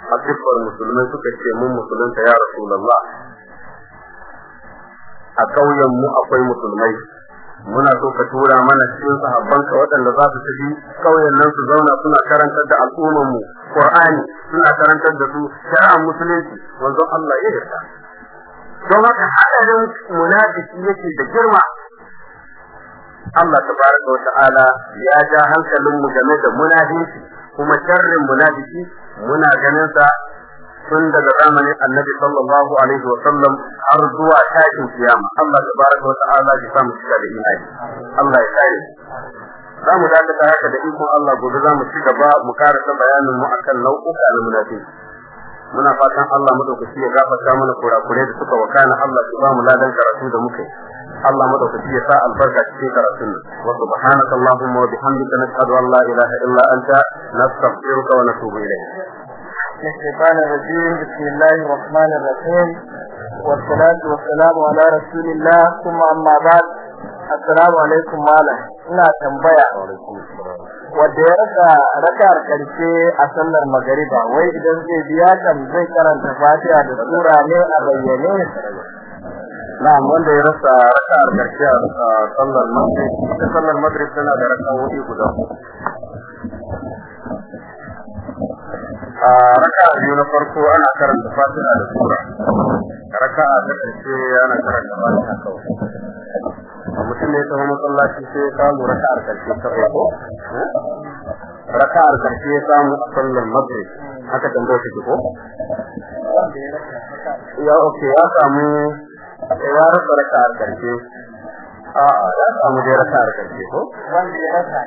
addu'ar musulmai suka ce mun musulunta ya rasulallah. a ƙauyen mu akwai musulmai muna so ka tura mana cikin sahabanka waɗanda za su tafi ƙauyen nan su zauna suna karantar da al'ummar mu qur'ani suna karantar da su shari'ar musulunci wanzu Allah ya yarda don haka hadarin munafiki yake da girma Allah tabaraka wa ta'ala ya ja hankalin mu game da munafiki kuma sharrin munafiki muna ganin sa tun daga zamanin annabi sallallahu alaihi wa sallam har zuwa tashin kiyama Allah baraka wa ta'ala ya samu cika da imani Allah ya kare za mu dakata haka da ikon Allah gobe za mu ci gaba mu karasa bayanin mu akan nau'uka na munafiki muna fatan Allah madaukaki ya gafarta mana kurakurai da suka wakana Allah ya ba mu ladan karatu da muke Allah madaukaki ya sa albarka cikin karatun wa subhanaka allahumma wa bihamdika nashhadu an la ilaha illa anta nastaghfiruka wa natubu ilayk الشيطان الرجيم بسم الله الرحمن الرحيم والصلاة والسلام على رسول الله ثم أما بعد السلام عليكم مالا ina tambaya wanda ya rasa rakar karshe a sallar magariba wai idan zai biya kan zai karanta fatiha da sura ne a bayyane na wanda ya rasa rakar karshe a sallar magariba. ita sallar magariba tana da rakawoyi guda a a biyu na farko ana karanta fatiha da sura a ta karshe ana karanta fatiha kawai mutum ne tsawon masallaci sai ya samu raka'ar karshe ta farko eh? raka'ar karshe ya samu sallar maghrib haka tambayar ta ko ya oke ya samu ya rasa raka'ar karshe a ya samu raka raka'ar karshe ko wanda ya rasa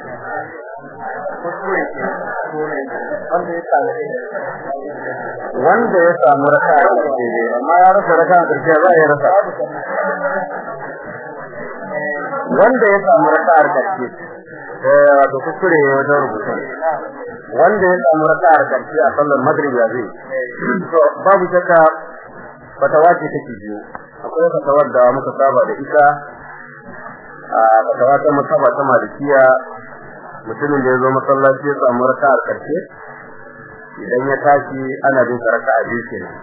wanda ya samu raka'ar karshe amma ya rasa raka'ar karshe ba ya rasa wanda ya samu raka'ar karshe eh da kuskure wajen rubutu wanda ya samu raka'ar karshe a sallar maghrib ya zai to babu shakka fatawa ce take biyu, akwai fatawar da muka saba da ita a fatawa ta musaba ta malikiya mutumin da ya zo masallaci ya samu rakar karshe idan ya tashi ana bin raka'a biyu kenan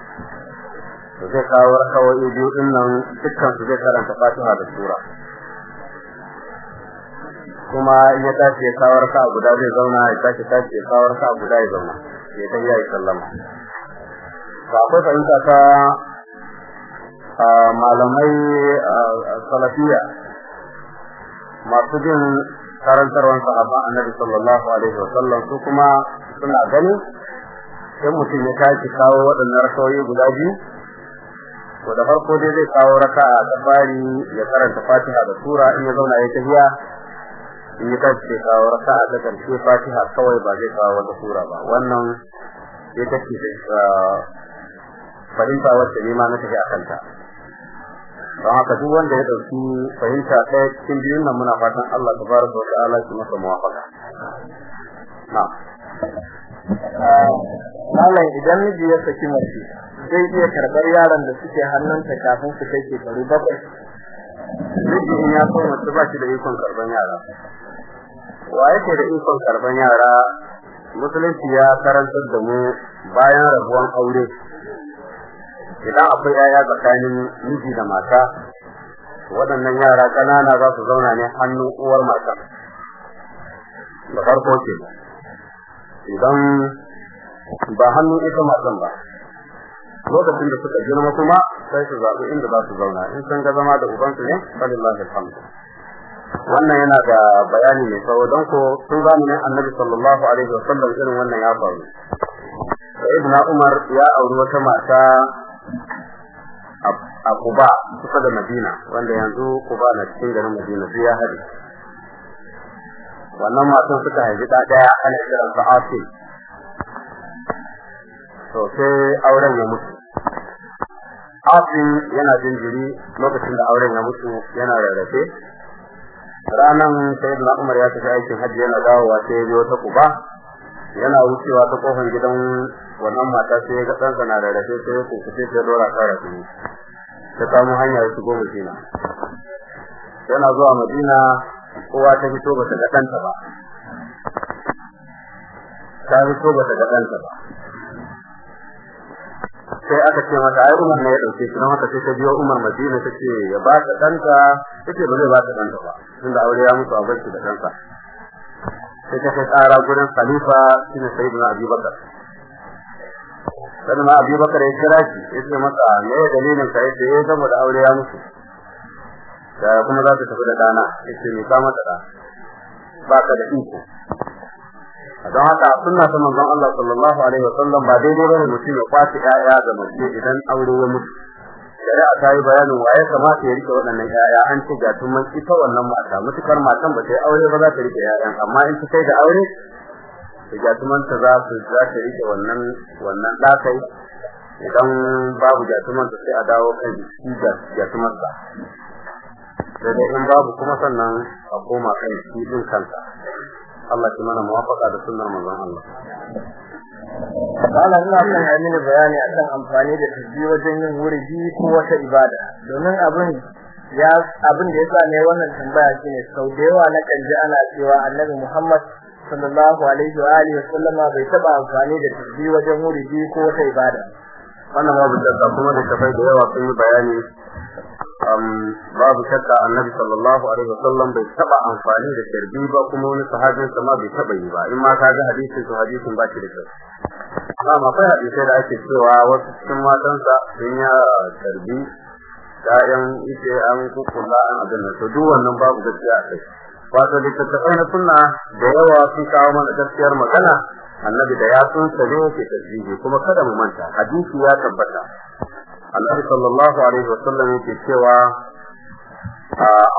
zai kawo raka'o'i biyu din nan dukkan su zai karanta fatiha da sura kuma ya tashi ya kawar ka guda zai zauna ya tashi tashi ya kawar ka guda ya zauna ya kai ya sallama ba ko fahimta ta malamai salafiya masu bin karantarwar sahaba annabi sallallahu alaihi wasallam su kuma suna gani sai mutum ya tashi kawo waɗannan rasawoyi guda biyu ko da farko dai zai kawo raka'a ta bari ya karanta fatiha da sura in ya zauna ya tafiya in ya tashi kawo raka'a ta karshe Fatiha kawai ba zai kawo wata sura ba wannan ya ce da ah, fahimta wacce ne ma na tafi akan ta don haka duk wanda ya dauki fahimta ɗaya cikin biyun nan muna fatan Allah tabaraka wa ta'ala shi masa muwafaqa na'am ah, Allah idan miji ya saki mace zai iya karɓar yaran da suke hannunta kafin su kai shekaru bakwai duk in ya so ba shi da ikon karban yara wa yake da ikon karban yara musulunci ya karantar da mu bayan rabuwan aure idan akwai yaya tsakanin miji da mata waɗannan yara ƙanana za su zauna ne hannun uwar mata da farko ke idan ba hannun ita matan ba lokacin da suka girma kuma sai su zaɓi inda za su zauna in sun ga zama da ubansu ne falillahi alhamdu wannan yana da bayani mai tsawo don ko sun ne annabi sallallahu alaihi wa irin wannan ya faru ibn umar ya auri wata mata a kuba kusa da madina wanda yanzu kuba na cikin garin madina sai ya hari wannan matan suka haifi da daya ana kiran sa asim to sai auren ya mutu Hasim yana jin jiri lokacin da auren ya mutu yana rarrafe ranan da Umar ya tafi aikin hajji yana dawowa sai ya biyo ta Kuba yana wucewa ta kofar gidan wannan mata sai ya ga dan na rarrafe sai ya kukuce ta dora kara kuma ta samu hanya ya shigo Madina yana zuwa Madina kowa ta fito ba ta ga ba ta fito ba sai aka ce mata ai Umar ne ya dauke shi don haka sai ta biyo Umar Madina ce ya ba ta danta ce ba zai ba ta danta ba da aure ya mutu a barci da danta sai ta kai tsara gurin Khalifa ne Sayyidina Abi Bakar sannan Abi Bakar ya kira shi ya ce masa me ya dalilin ka yace eh saboda aure ya mutu da kuma za ta tafi da dana ce me ka mata da ka da iko don haka sunna ta manzon Allah sallallahu alaihi wasallam ba daidai bane mutum ya kwace ƴaƴa ga mace idan aure ya mutu shari'a ta yi bayanin waye kamata ya rike waɗannan ƴaƴa an ce ga tun ita wannan mata mutukar matan ba ta yi aure ba za ta rike ƴaƴan amma in ta kai da aure da jatuman ta za su za ta rike wannan wannan ɗakai idan babu tun ta sai a dawo kan shi jatuman ta da in babu kuma sannan a koma kan shi din kanta Allah ki mana muwafaqa da sunnar manzon Allah Allah ina son a mini bayani akan amfani da tafi wajen yin wuridi ko wata ibada domin abin ya abin da sa ne wannan tambaya shine sau da yawa na kanje ana cewa Annabi Muhammad sallallahu alaihi wa alihi wasallama bai taba amfani da tafi wajen wuridi ko wata ibada wannan babu da kuma da kafai da yawa sun yi bayani babu shakka annabi sallallahu alaihi wasallam bai taba amfani da sharbi ba kuma wani sahabin sa ma bai taba yi ba in ma ka ga hadisin to hadisin ba shi da kyau amma hadisi sai da ake cewa wasu cikin sa sun ya sharbi yan ite an kukula an abin na to duk wannan babu gaskiya a kai wato littattafai na sunna da yawa sun kawo mana gaskiyar magana annabi da ya sun ne yake tasiri kuma kada mu manta hadisi ya tabbata Allah sallallahu alaihi wasallam yake cewa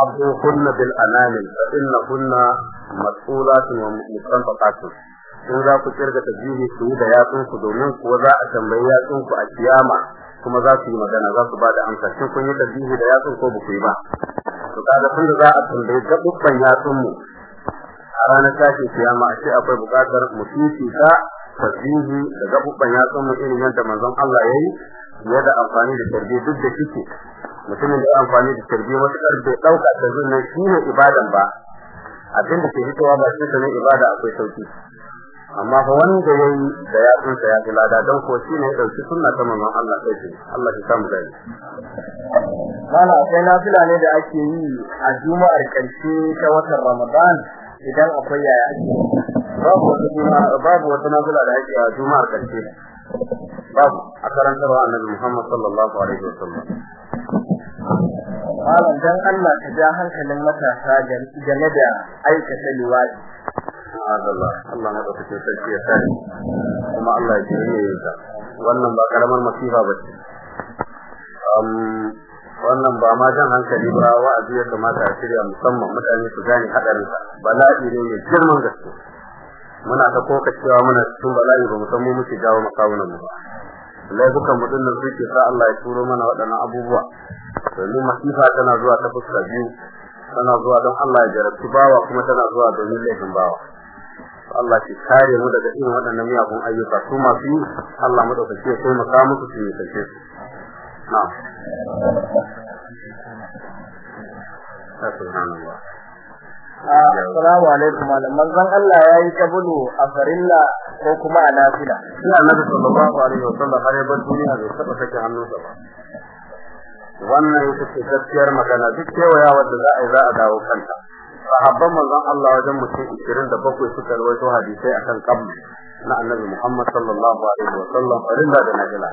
abu kunna bil anamil fa inna kunna mas'ulatun wa mustantaqatun in za ku kirga tajiri su da yatsun ku domin kuwa za a tambayi yatsun ku a kiyama kuma za su yi magana za su ba da amsa shin kun yi tajiri da yatsun ko ba ku yi ba to kaga da za a tambayi gabban yatsun mu a ranar tashin kiyama a ce akwai buƙatar mu fifi ta tasbihi da gabban yatsun mu irin yadda manzon Allah ya yi. fiye da amfani da tarbi duk da kike mutumin da ya amfani da tarbi wata karbe dauka da zuwa shi ne ibadan ba abin da ke hitowa ba shi ne ibada akwai sauki amma fa wanda yayi da ya tsunta ya fi lada don ko shi ne ya dauki sunna ta manzon Allah sai shi Allah ya samu gani kana akwai nafila ne da ake yi a juma'ar karshe ta watan Ramadan idan akwai yaya babu wata nafila da ake a juma'ar karshe babu a karantarwa annabi Muhammad sallallahu alaihi wasallam malam dan Allah ka ja hankalin matasa game da aikata liwaji Allah Allah na dauke sarki ya sani kuma Allah ya yi ta wannan ba karamar masifa wannan ba ma jan hankali ba wa'azi ya kamata a shirya musamman mutane su gane hadarin sa bala'i ne mai girman gaske muna ta koka cewa muna cikin bala'i ba mu mu muke jawo makawunan mu ba laifukan mutum da suke sa Allah ya turo mana waɗannan abubuwa domin masifa tana zuwa ta fuska biyu tana zuwa don Allah ya jarabci bawa kuma tana zuwa domin laifin bawa Allah shi kare mu daga irin waɗannan miyagun ayyuka su masu yi Allah mu ɗaukaki ya taimaka musu su yi sake su. Na'am. Assalamu alaikum malam manzon Allah yayi kabulu a farilla ko kuma a nafila sai Annabi sallallahu alaihi wasallam har yabar duniya saba taba sake hannunsa ba wannan ita ce gaskiyar magana duk kewaya wanda za a yi za a dawo kanta sahabban manzon Allah wajen mutum 27 suka rawaito hadisai akan kabul na Annabi Muhammad sallallahu alaihi wasallam farilla da nafila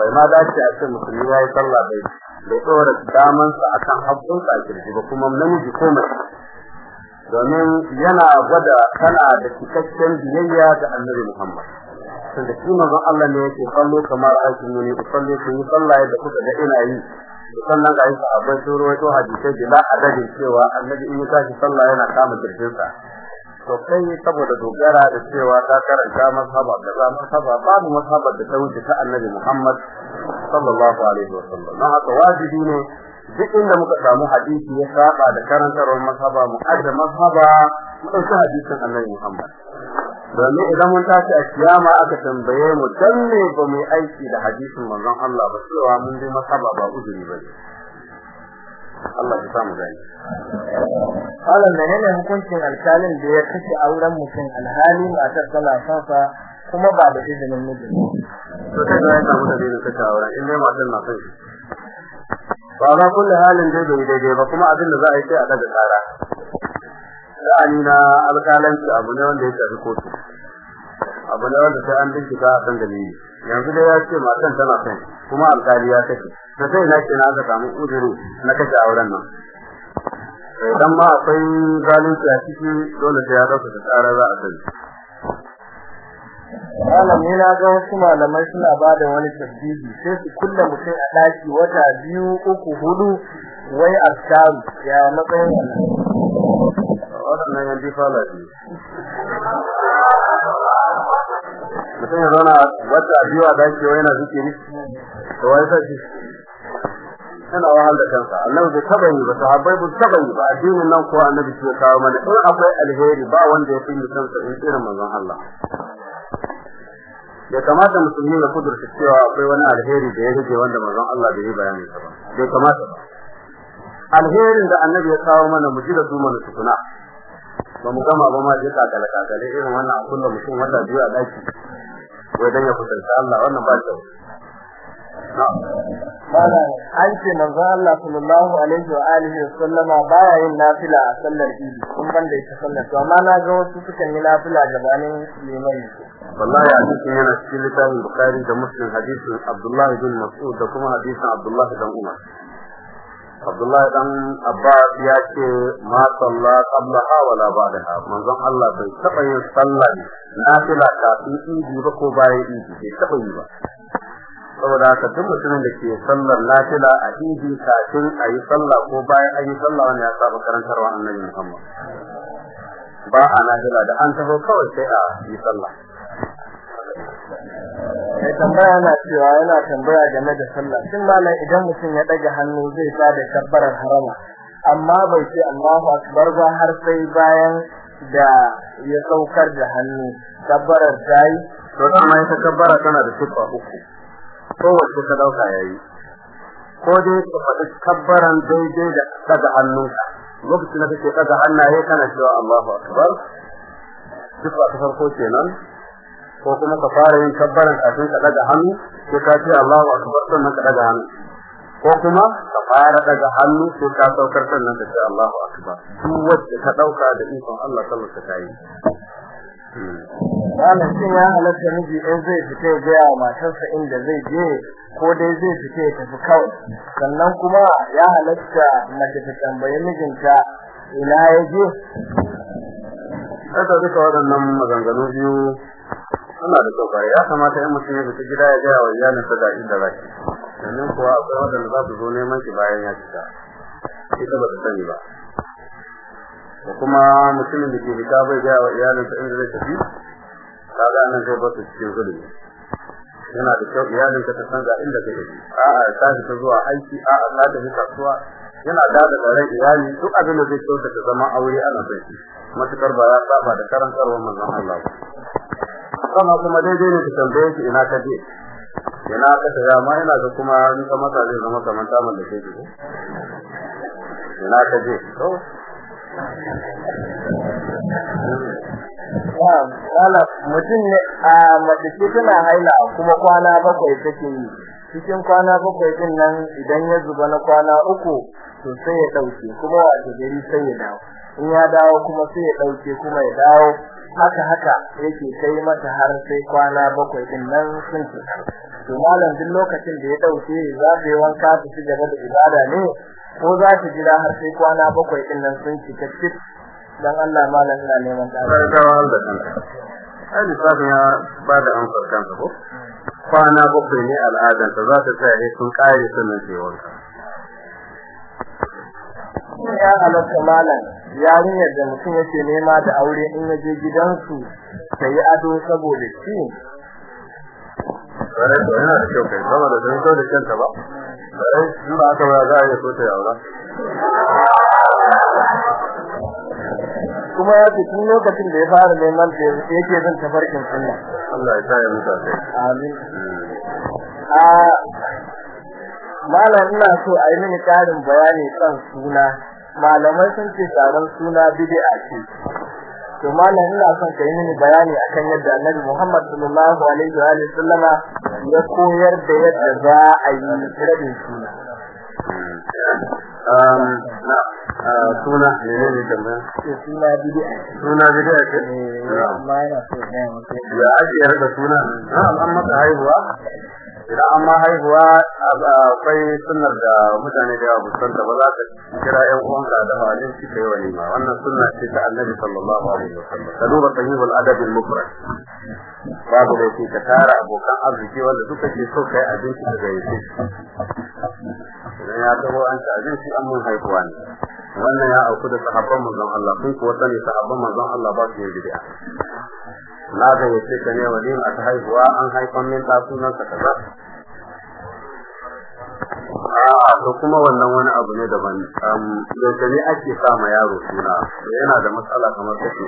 bai ma dace a ce musulmi yayi sallah bai bai dora damansa akan haƙƙinsa a kirji ba kuma namiji ko mace domin yana gwada kana da cikakken biyayya ga Annabi Muhammad tunda shi manzon Allah ne yake kallo kamar aikin ne kallo kun yi sallah da kuka ga ina yi sannan ga isa abin suro to hadisi bila adadi cewa Annabi in ya tashi sallah yana kama kirjinsa to kai saboda dogara da cewa ta karanta mazhab da za mazhab babu mazhab da ta wuce ta Annabi Muhammad sallallahu alaihi wasallam na haka wajibi ne duk inda muka samu hadisi ya saba da karantarwar mazhaba mu adda mazhaba mu dauki hadisin Annabi Muhammad dan idan mun tashi a kiyama aka tambaye mu dan ne ba mu aiki da hadisin manzon Allah ba cewa mun bi mazhaba ba uzuri ba Allah ya samu gani Allah ne hukuncin alkalin da ya kace auren mutum alhali matar tana safa kuma ba da izinin miji to kai ya samu da dalilin kashe auren in dai na son shi ba za kullu halin dai bai daidai ba kuma abin da za a yi sai a daga tsara ra'ani na alƙalanci abu ne wanda ya shafi kotu abu ne wanda sai an bincika a kan dalili yanzu dai ya ce matan tana son kuma alƙali ya kace da sai na ce na ga samu uzuri na kashe auren nan idan ma akwai zalunci a ciki dole sai ya dauka tsara za a sani malam ne na ga wasu malamai suna bada wani tasbihi sai su kulle mutum a daki wata biyu uku hudu wai askaru ya matsayin wani wannan yan bi fala ne mutum ya zauna wata biyu a daki wai yana zikiri to wai sashi yana wahal da kansa annabi bai taba yi ba sahabbai bai taba yi ba addinin nan ko annabi shi ya kawo mana in akwai alheri ba wanda ya fi mutum sa irin manzon Allah da kamata musulmi ya kudurta cewa akwai wani alheri da ya rike wanda manzon Allah bai bayani sa ba bai kamata alherin da annabi ya kawo mana mu ji da su mana tukuna ba mu gama ba ma je kakala kakale irin wannan kullum mutum wata biyu a daki wai dan ya kusanta Allah wannan ba ta an ce na manzo Allah sallallahu alaihi wa alihi wa sallama baya yin nafila a sallar ibi kun ban da ita sallar to amma na ga wasu suka yi nafila gabanin liman wallahi a cikin yana cikin littafin bukari da muslim hadisin abdullah bin mas'ud da kuma hadisin abdullah dan umar abdullah dan Abba ya ce ma salla qablaha wala ba'daha manzon Allah bai taba yin sallah nafila kafin ibi ba ko bayan ibi bai taba yi ba saboda haka duk mutumin da ke sallar lafila a idi kafin a yi sallah ko bayan a yi sallah wani ya saba wa annabi Muhammad ba a lafila da an taho kawai sai a yi sallah mai tambaya na cewa yana tambaya game da sallah shin malam idan mutum ya daga hannu zai sa da tabbarar harama amma bai ce Allahu akbar ba har sai bayan da ya saukar da hannu tabbarar ta yi to dama ita tabbara tana da sifa uku kowace ka dauka yayi ko dai ka faɗi kabbaran daidai da daga hannu lokacin da kake daga hannaye kana cewa Allahu akbar duk ta farko kenan ko kuma ka fara yin kabbaran kafin ka daga hannu sai ka ce Allahu akbar sannan ka daga hannu ko kuma ka fara daga hannu sai ka saukar sannan ka ce Allahu akbar duk wacce ka dauka da ikon Allah sallallahu alaihi wasallam hmm. malam sai ya halatta miji ɗin zai fita ya gaya wa matarsa inda zai je ko dai zai fita ya tafi kawai sannan kuma ya halatta mace ta tambayi mijinta ina ya je kada duka waɗannan maganganu biyu suna da kokari ya kamata in mutum ya fita gida ya gaya wa iyalinsa da inda za ki. sannan kuwa akwai waɗanda za su zo neman shi bayan ya fita ita ba ta sani ba da kuma mutumin da ke fita bai gaya wa iyalinsa inda zai tafi kaga nan zai ba su cikin gudu. yana da kyau iyalin ka ta san ga inda kake a'a ta ta zuwa aiki a'a ta tafi kasuwa yana da da rai iyali duk abin da zai kyauta ta zama aure ana bai matukar ba ya saba da karan karantarwar manzon Allah kuma kuma daidai ne ka tambaye shi ina ka je ina ka tsaya ma ina ga kuma in ka masa zai zama kamar ta ke shi ina ka je to mutum ne a mace tana haila kuma kwana bakwai take yi cikin kwana bakwai din nan idan ya zuba na kwana uku to sai ya dauke kuma a gari sai ya dawo in ya dawo kuma sai ya dauke kuma ya dawo haka haka yake kai mata har sai kwana bakwai din nan sun ci to malam duk lokacin da ya dauke za ta yi wanka ta ci gaba da ibada ne ko za ta jira har sai kwana bakwai din nan sun cika cikin dan Allah malam ina neman ka sai ka wanda kanka ai lissafin ya ba da amsar kanka ko kwana bakwai ne al'adan ta za ta tsaya sun kare sunan cewanka ya halatta malam yarinyar da mutum yake nema da aure in ya je gidansu ta yi ado saboda shi bare da yana da kyau kai ba da dan da kanta ba bare in ba ka ba za a yi so ta yaura kuma ya ce tun lokacin da ya fara neman da yake zan tafarkin sunna Allah ya sa ya mutu amin a malam ina so a yi mini karin bayani kan suna malamai sun ce taron suna bid'a ce to malam ina son ka yi mini bayani akan yadda Annabi Muhammad sallallahu alaihi wa sallama ya koyar da yadda za a yi rabin suna hmm. Um, uh, suna ne ne kamar suna suna ne eh, eh, ya suna an ah, haihuwa idan amma haihuwa akwai sunnar da mutane da yawa busanta ba za ka kira ƴan uwanka da halin shi kai wani ma wannan sunna ce ta annabi sallallahu alaihi wasallam ka duba sahihul adab al mufrad babu da ke ka tara abokan arziki wanda duka ke so kai abinci da gaishe idan ya tabo an ta abinci an mun haihuwa ne wannan ya auku da sahabban manzon Allah sun kuwa sani sahabban manzon Allah ba su yi bid'a na ga yace ka ne walima ta haihuwa an haifan min ta sunan ka kaza ah, to kuma wannan wani abu ne daban da ne ake sa ma yaro suna yana da matsala kamar kashi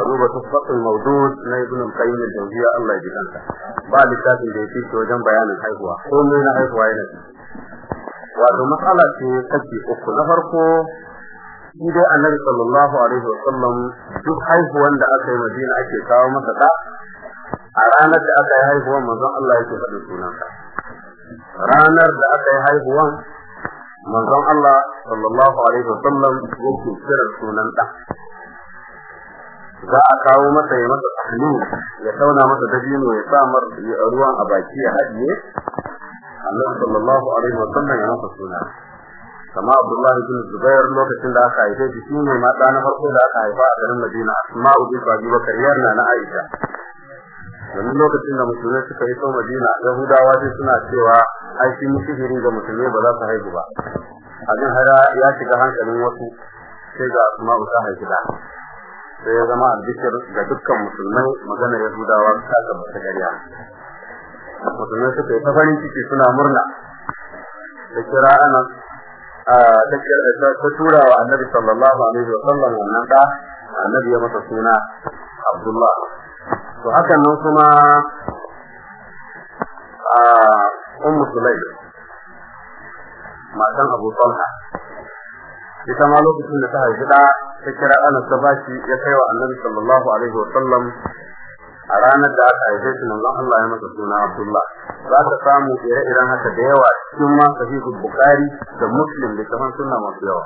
uku ta tufaqul mawdud na ibn al-qayyim al-jawziya Allah ya jikanta ba littafin da yake wajen bayanin haihuwa ko mai na haihuwa yana wato matsala ce kashi uku na farko shi dai annabi sallallahu alaihi wa sallam duk haihuwan da aka yi madina ake kawo masa da a ranar da aka yi haihuwan manzon Allah yake faɗi sunansa ranar da aka yi haihuwan manzon Allah sallallahu alaihi wa sallam yake kira sunan da za a kawo masa ya masa tahlilu ya tauna masa dabino ya sa mar ruwan a baki ya haɗiye Allah sallallahu alaihi wa sallam ya masa suna kama Abdullah ibn Zubair lokacin da aka haife shi ne ma dan farko da aka haifa a garin Madina Asma ibn Abi Bakar yana na Aisha domin lokacin da musulmai suka yi sau Madina hudawa sai suna cewa ai shi mushriki ga musulmi ba za su haihu ba abin hara ya shiga hankalin wasu sai ga Asma uka haifi da sai ya zama albishir ga dukkan musulmai magana Yahudawa ta gaba ta gariya musulmai suka yi ta farin ciki suna murna da kira Anas ta tura wa annabi sallallahu alaihi wasallam wannan da annabi ya masa suna Abdullah to hakan nan kuma a ummu sulaim matan Abu Talha ita ma lokacin da ta haifi da ta kira Anas ta bashi ya kai wa annabi sallallahu alaihi sallam. a ranar da aka haife shi manzon Allah ya masa suna Abdullah za ka samu ire-iren haka da yawa cikin ma sahihul Bukhari da Muslim da kuma sunna masu yawa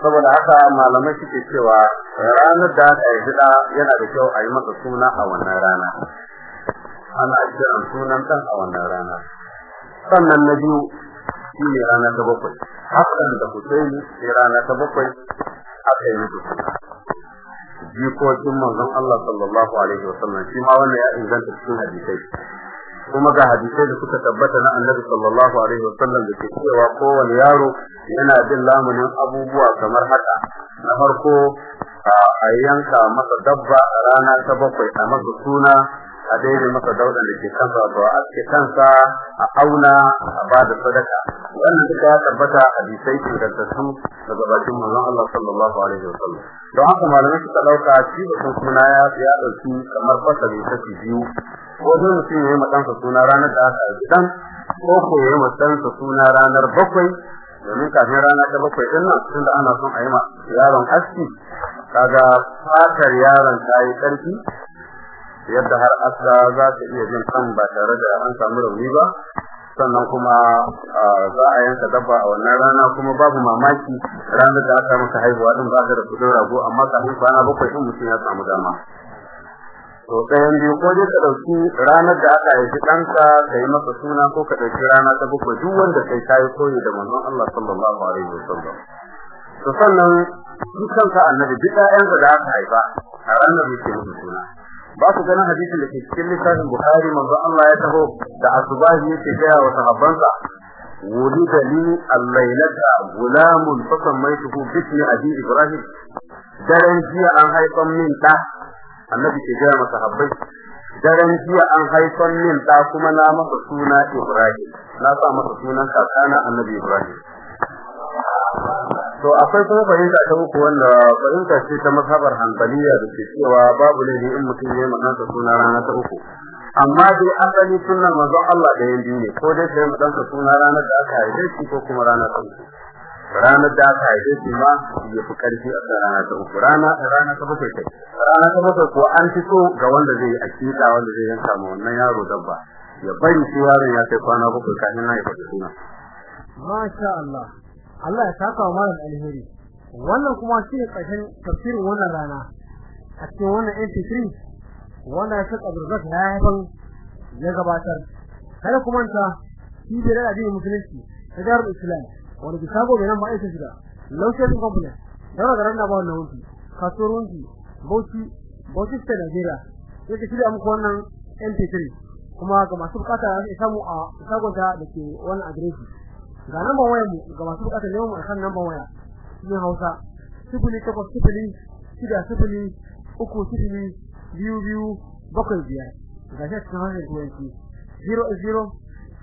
saboda haka malamai suke cewa ranar da aka aiki da yana da kyau a yi masa suna a wannan rana ana kiran sunan kan a wannan rana sannan na biyu shi ne rana ta bakwai hakan da Husaini ne rana ta bakwai aka yi masa suna jikokin manzon Allah sallallahu alaihi wasallam shi ma wannan ya inganta cikin hadisai kuma ga hadisai da suka tabbata na Annabi sallallahu alaihi wasallam da cewa kowane yaro yana bin lamunin abubuwa kamar haka na farko a yanka masa dabba a rana ta bakwai a masa suna a daidai masa daudan da ke kansa to a ke kansa a auna a ba da sadaka wannan duka ya tabbata a bisai ke dantattu daga bakin manzon Allah sallallahu alaihi wa sallam don haka malamai suka dauka shi da sun suna ya ya dauki kamar fasali ta biyu ko zai mutum yi ma matansa suna ranar da aka yi dan ko ko yi ma matansa suna ranar bakwai domin kafin rana ta bakwai din nan tun da ana son a yi ma yaron aski kaga fatar yaron ta yi ƙarfi yadda har asa za ta iya jin kan ba tare da an samu rauni ba sannan kuma za a yanka dabba a wannan rana kuma babu mamaki ranar da aka maka haihuwa din ba ka da kudin rago amma ka haifa na bakwai din mutum ya samu dama to ɗayan biyu ko dai ka ɗauki ranar da aka haifi ɗanka ka yi masa suna ko ka ɗauki rana ta bakwai duk wanda kai kayi koyi da manzon Allah sallallahu alaihi wa sallam to sannan shi kanka annabi duk ɗayansa da aka haifa a ranar yake suna ba ku ganin hadisin da ke cikin littafin Bukhari manzo Allah ya taho da asubahi yake ga wa sahabbansa da ni ولد لي الليلة غلام فسميته باسم أبي Ibrahim? daren jiya an haifan min ɗa annabi ke gaya masa habbai daren jiya an haifan min ɗa kuma na masa suna Ibrahim na sa masa sunan kakana annabi Ibrahim to akwai kuma fahimta ta uku wanda fahimta ce ta masabar hanbaliya da ke cewa babu ne in mutum ya mana da suna rana ta uku amma dai asali sunan manzon Allah da yan ne ko dai sai mu ka suna ranar da aka haife shi ko kuma rana ta uku ranar da aka haife shi ma ya fi karfi a rana ta uku rana rana ta bakwai kai rana ta bakwai ko an fito ga wanda zai akida wanda zai yanka ma wannan yaro dabba ya bari shi yaron ya kai kwana bakwai kafin na ya faɗi suna masha Allah Allah ya saka wa malam alheri wannan kuma shi ne ƙarshen tafsirin wannan rana a cikin wannan MP3 wanda ya saka burzat ya haifan ya gabatar kada ku manta cibiyar addinin musulunci ta jihar islam wani bisa gobe nan ma'aikata shiga laushin company daura garan da ba wannan wuce kasuwar bauchi bauchi ta najeriya yake shirya muku wannan MP3 kuma ga masu bukata za su samu a sagonta da ke wannan adireshi ga lambar waya mu ga masu bukatar yawan akan lambar waya ne Hausa bakwai biyar ga shi cikin hanyar tuwanci 00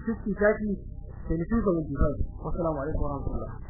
60 30 22 wasu wassalamu alaikum warahmatullahi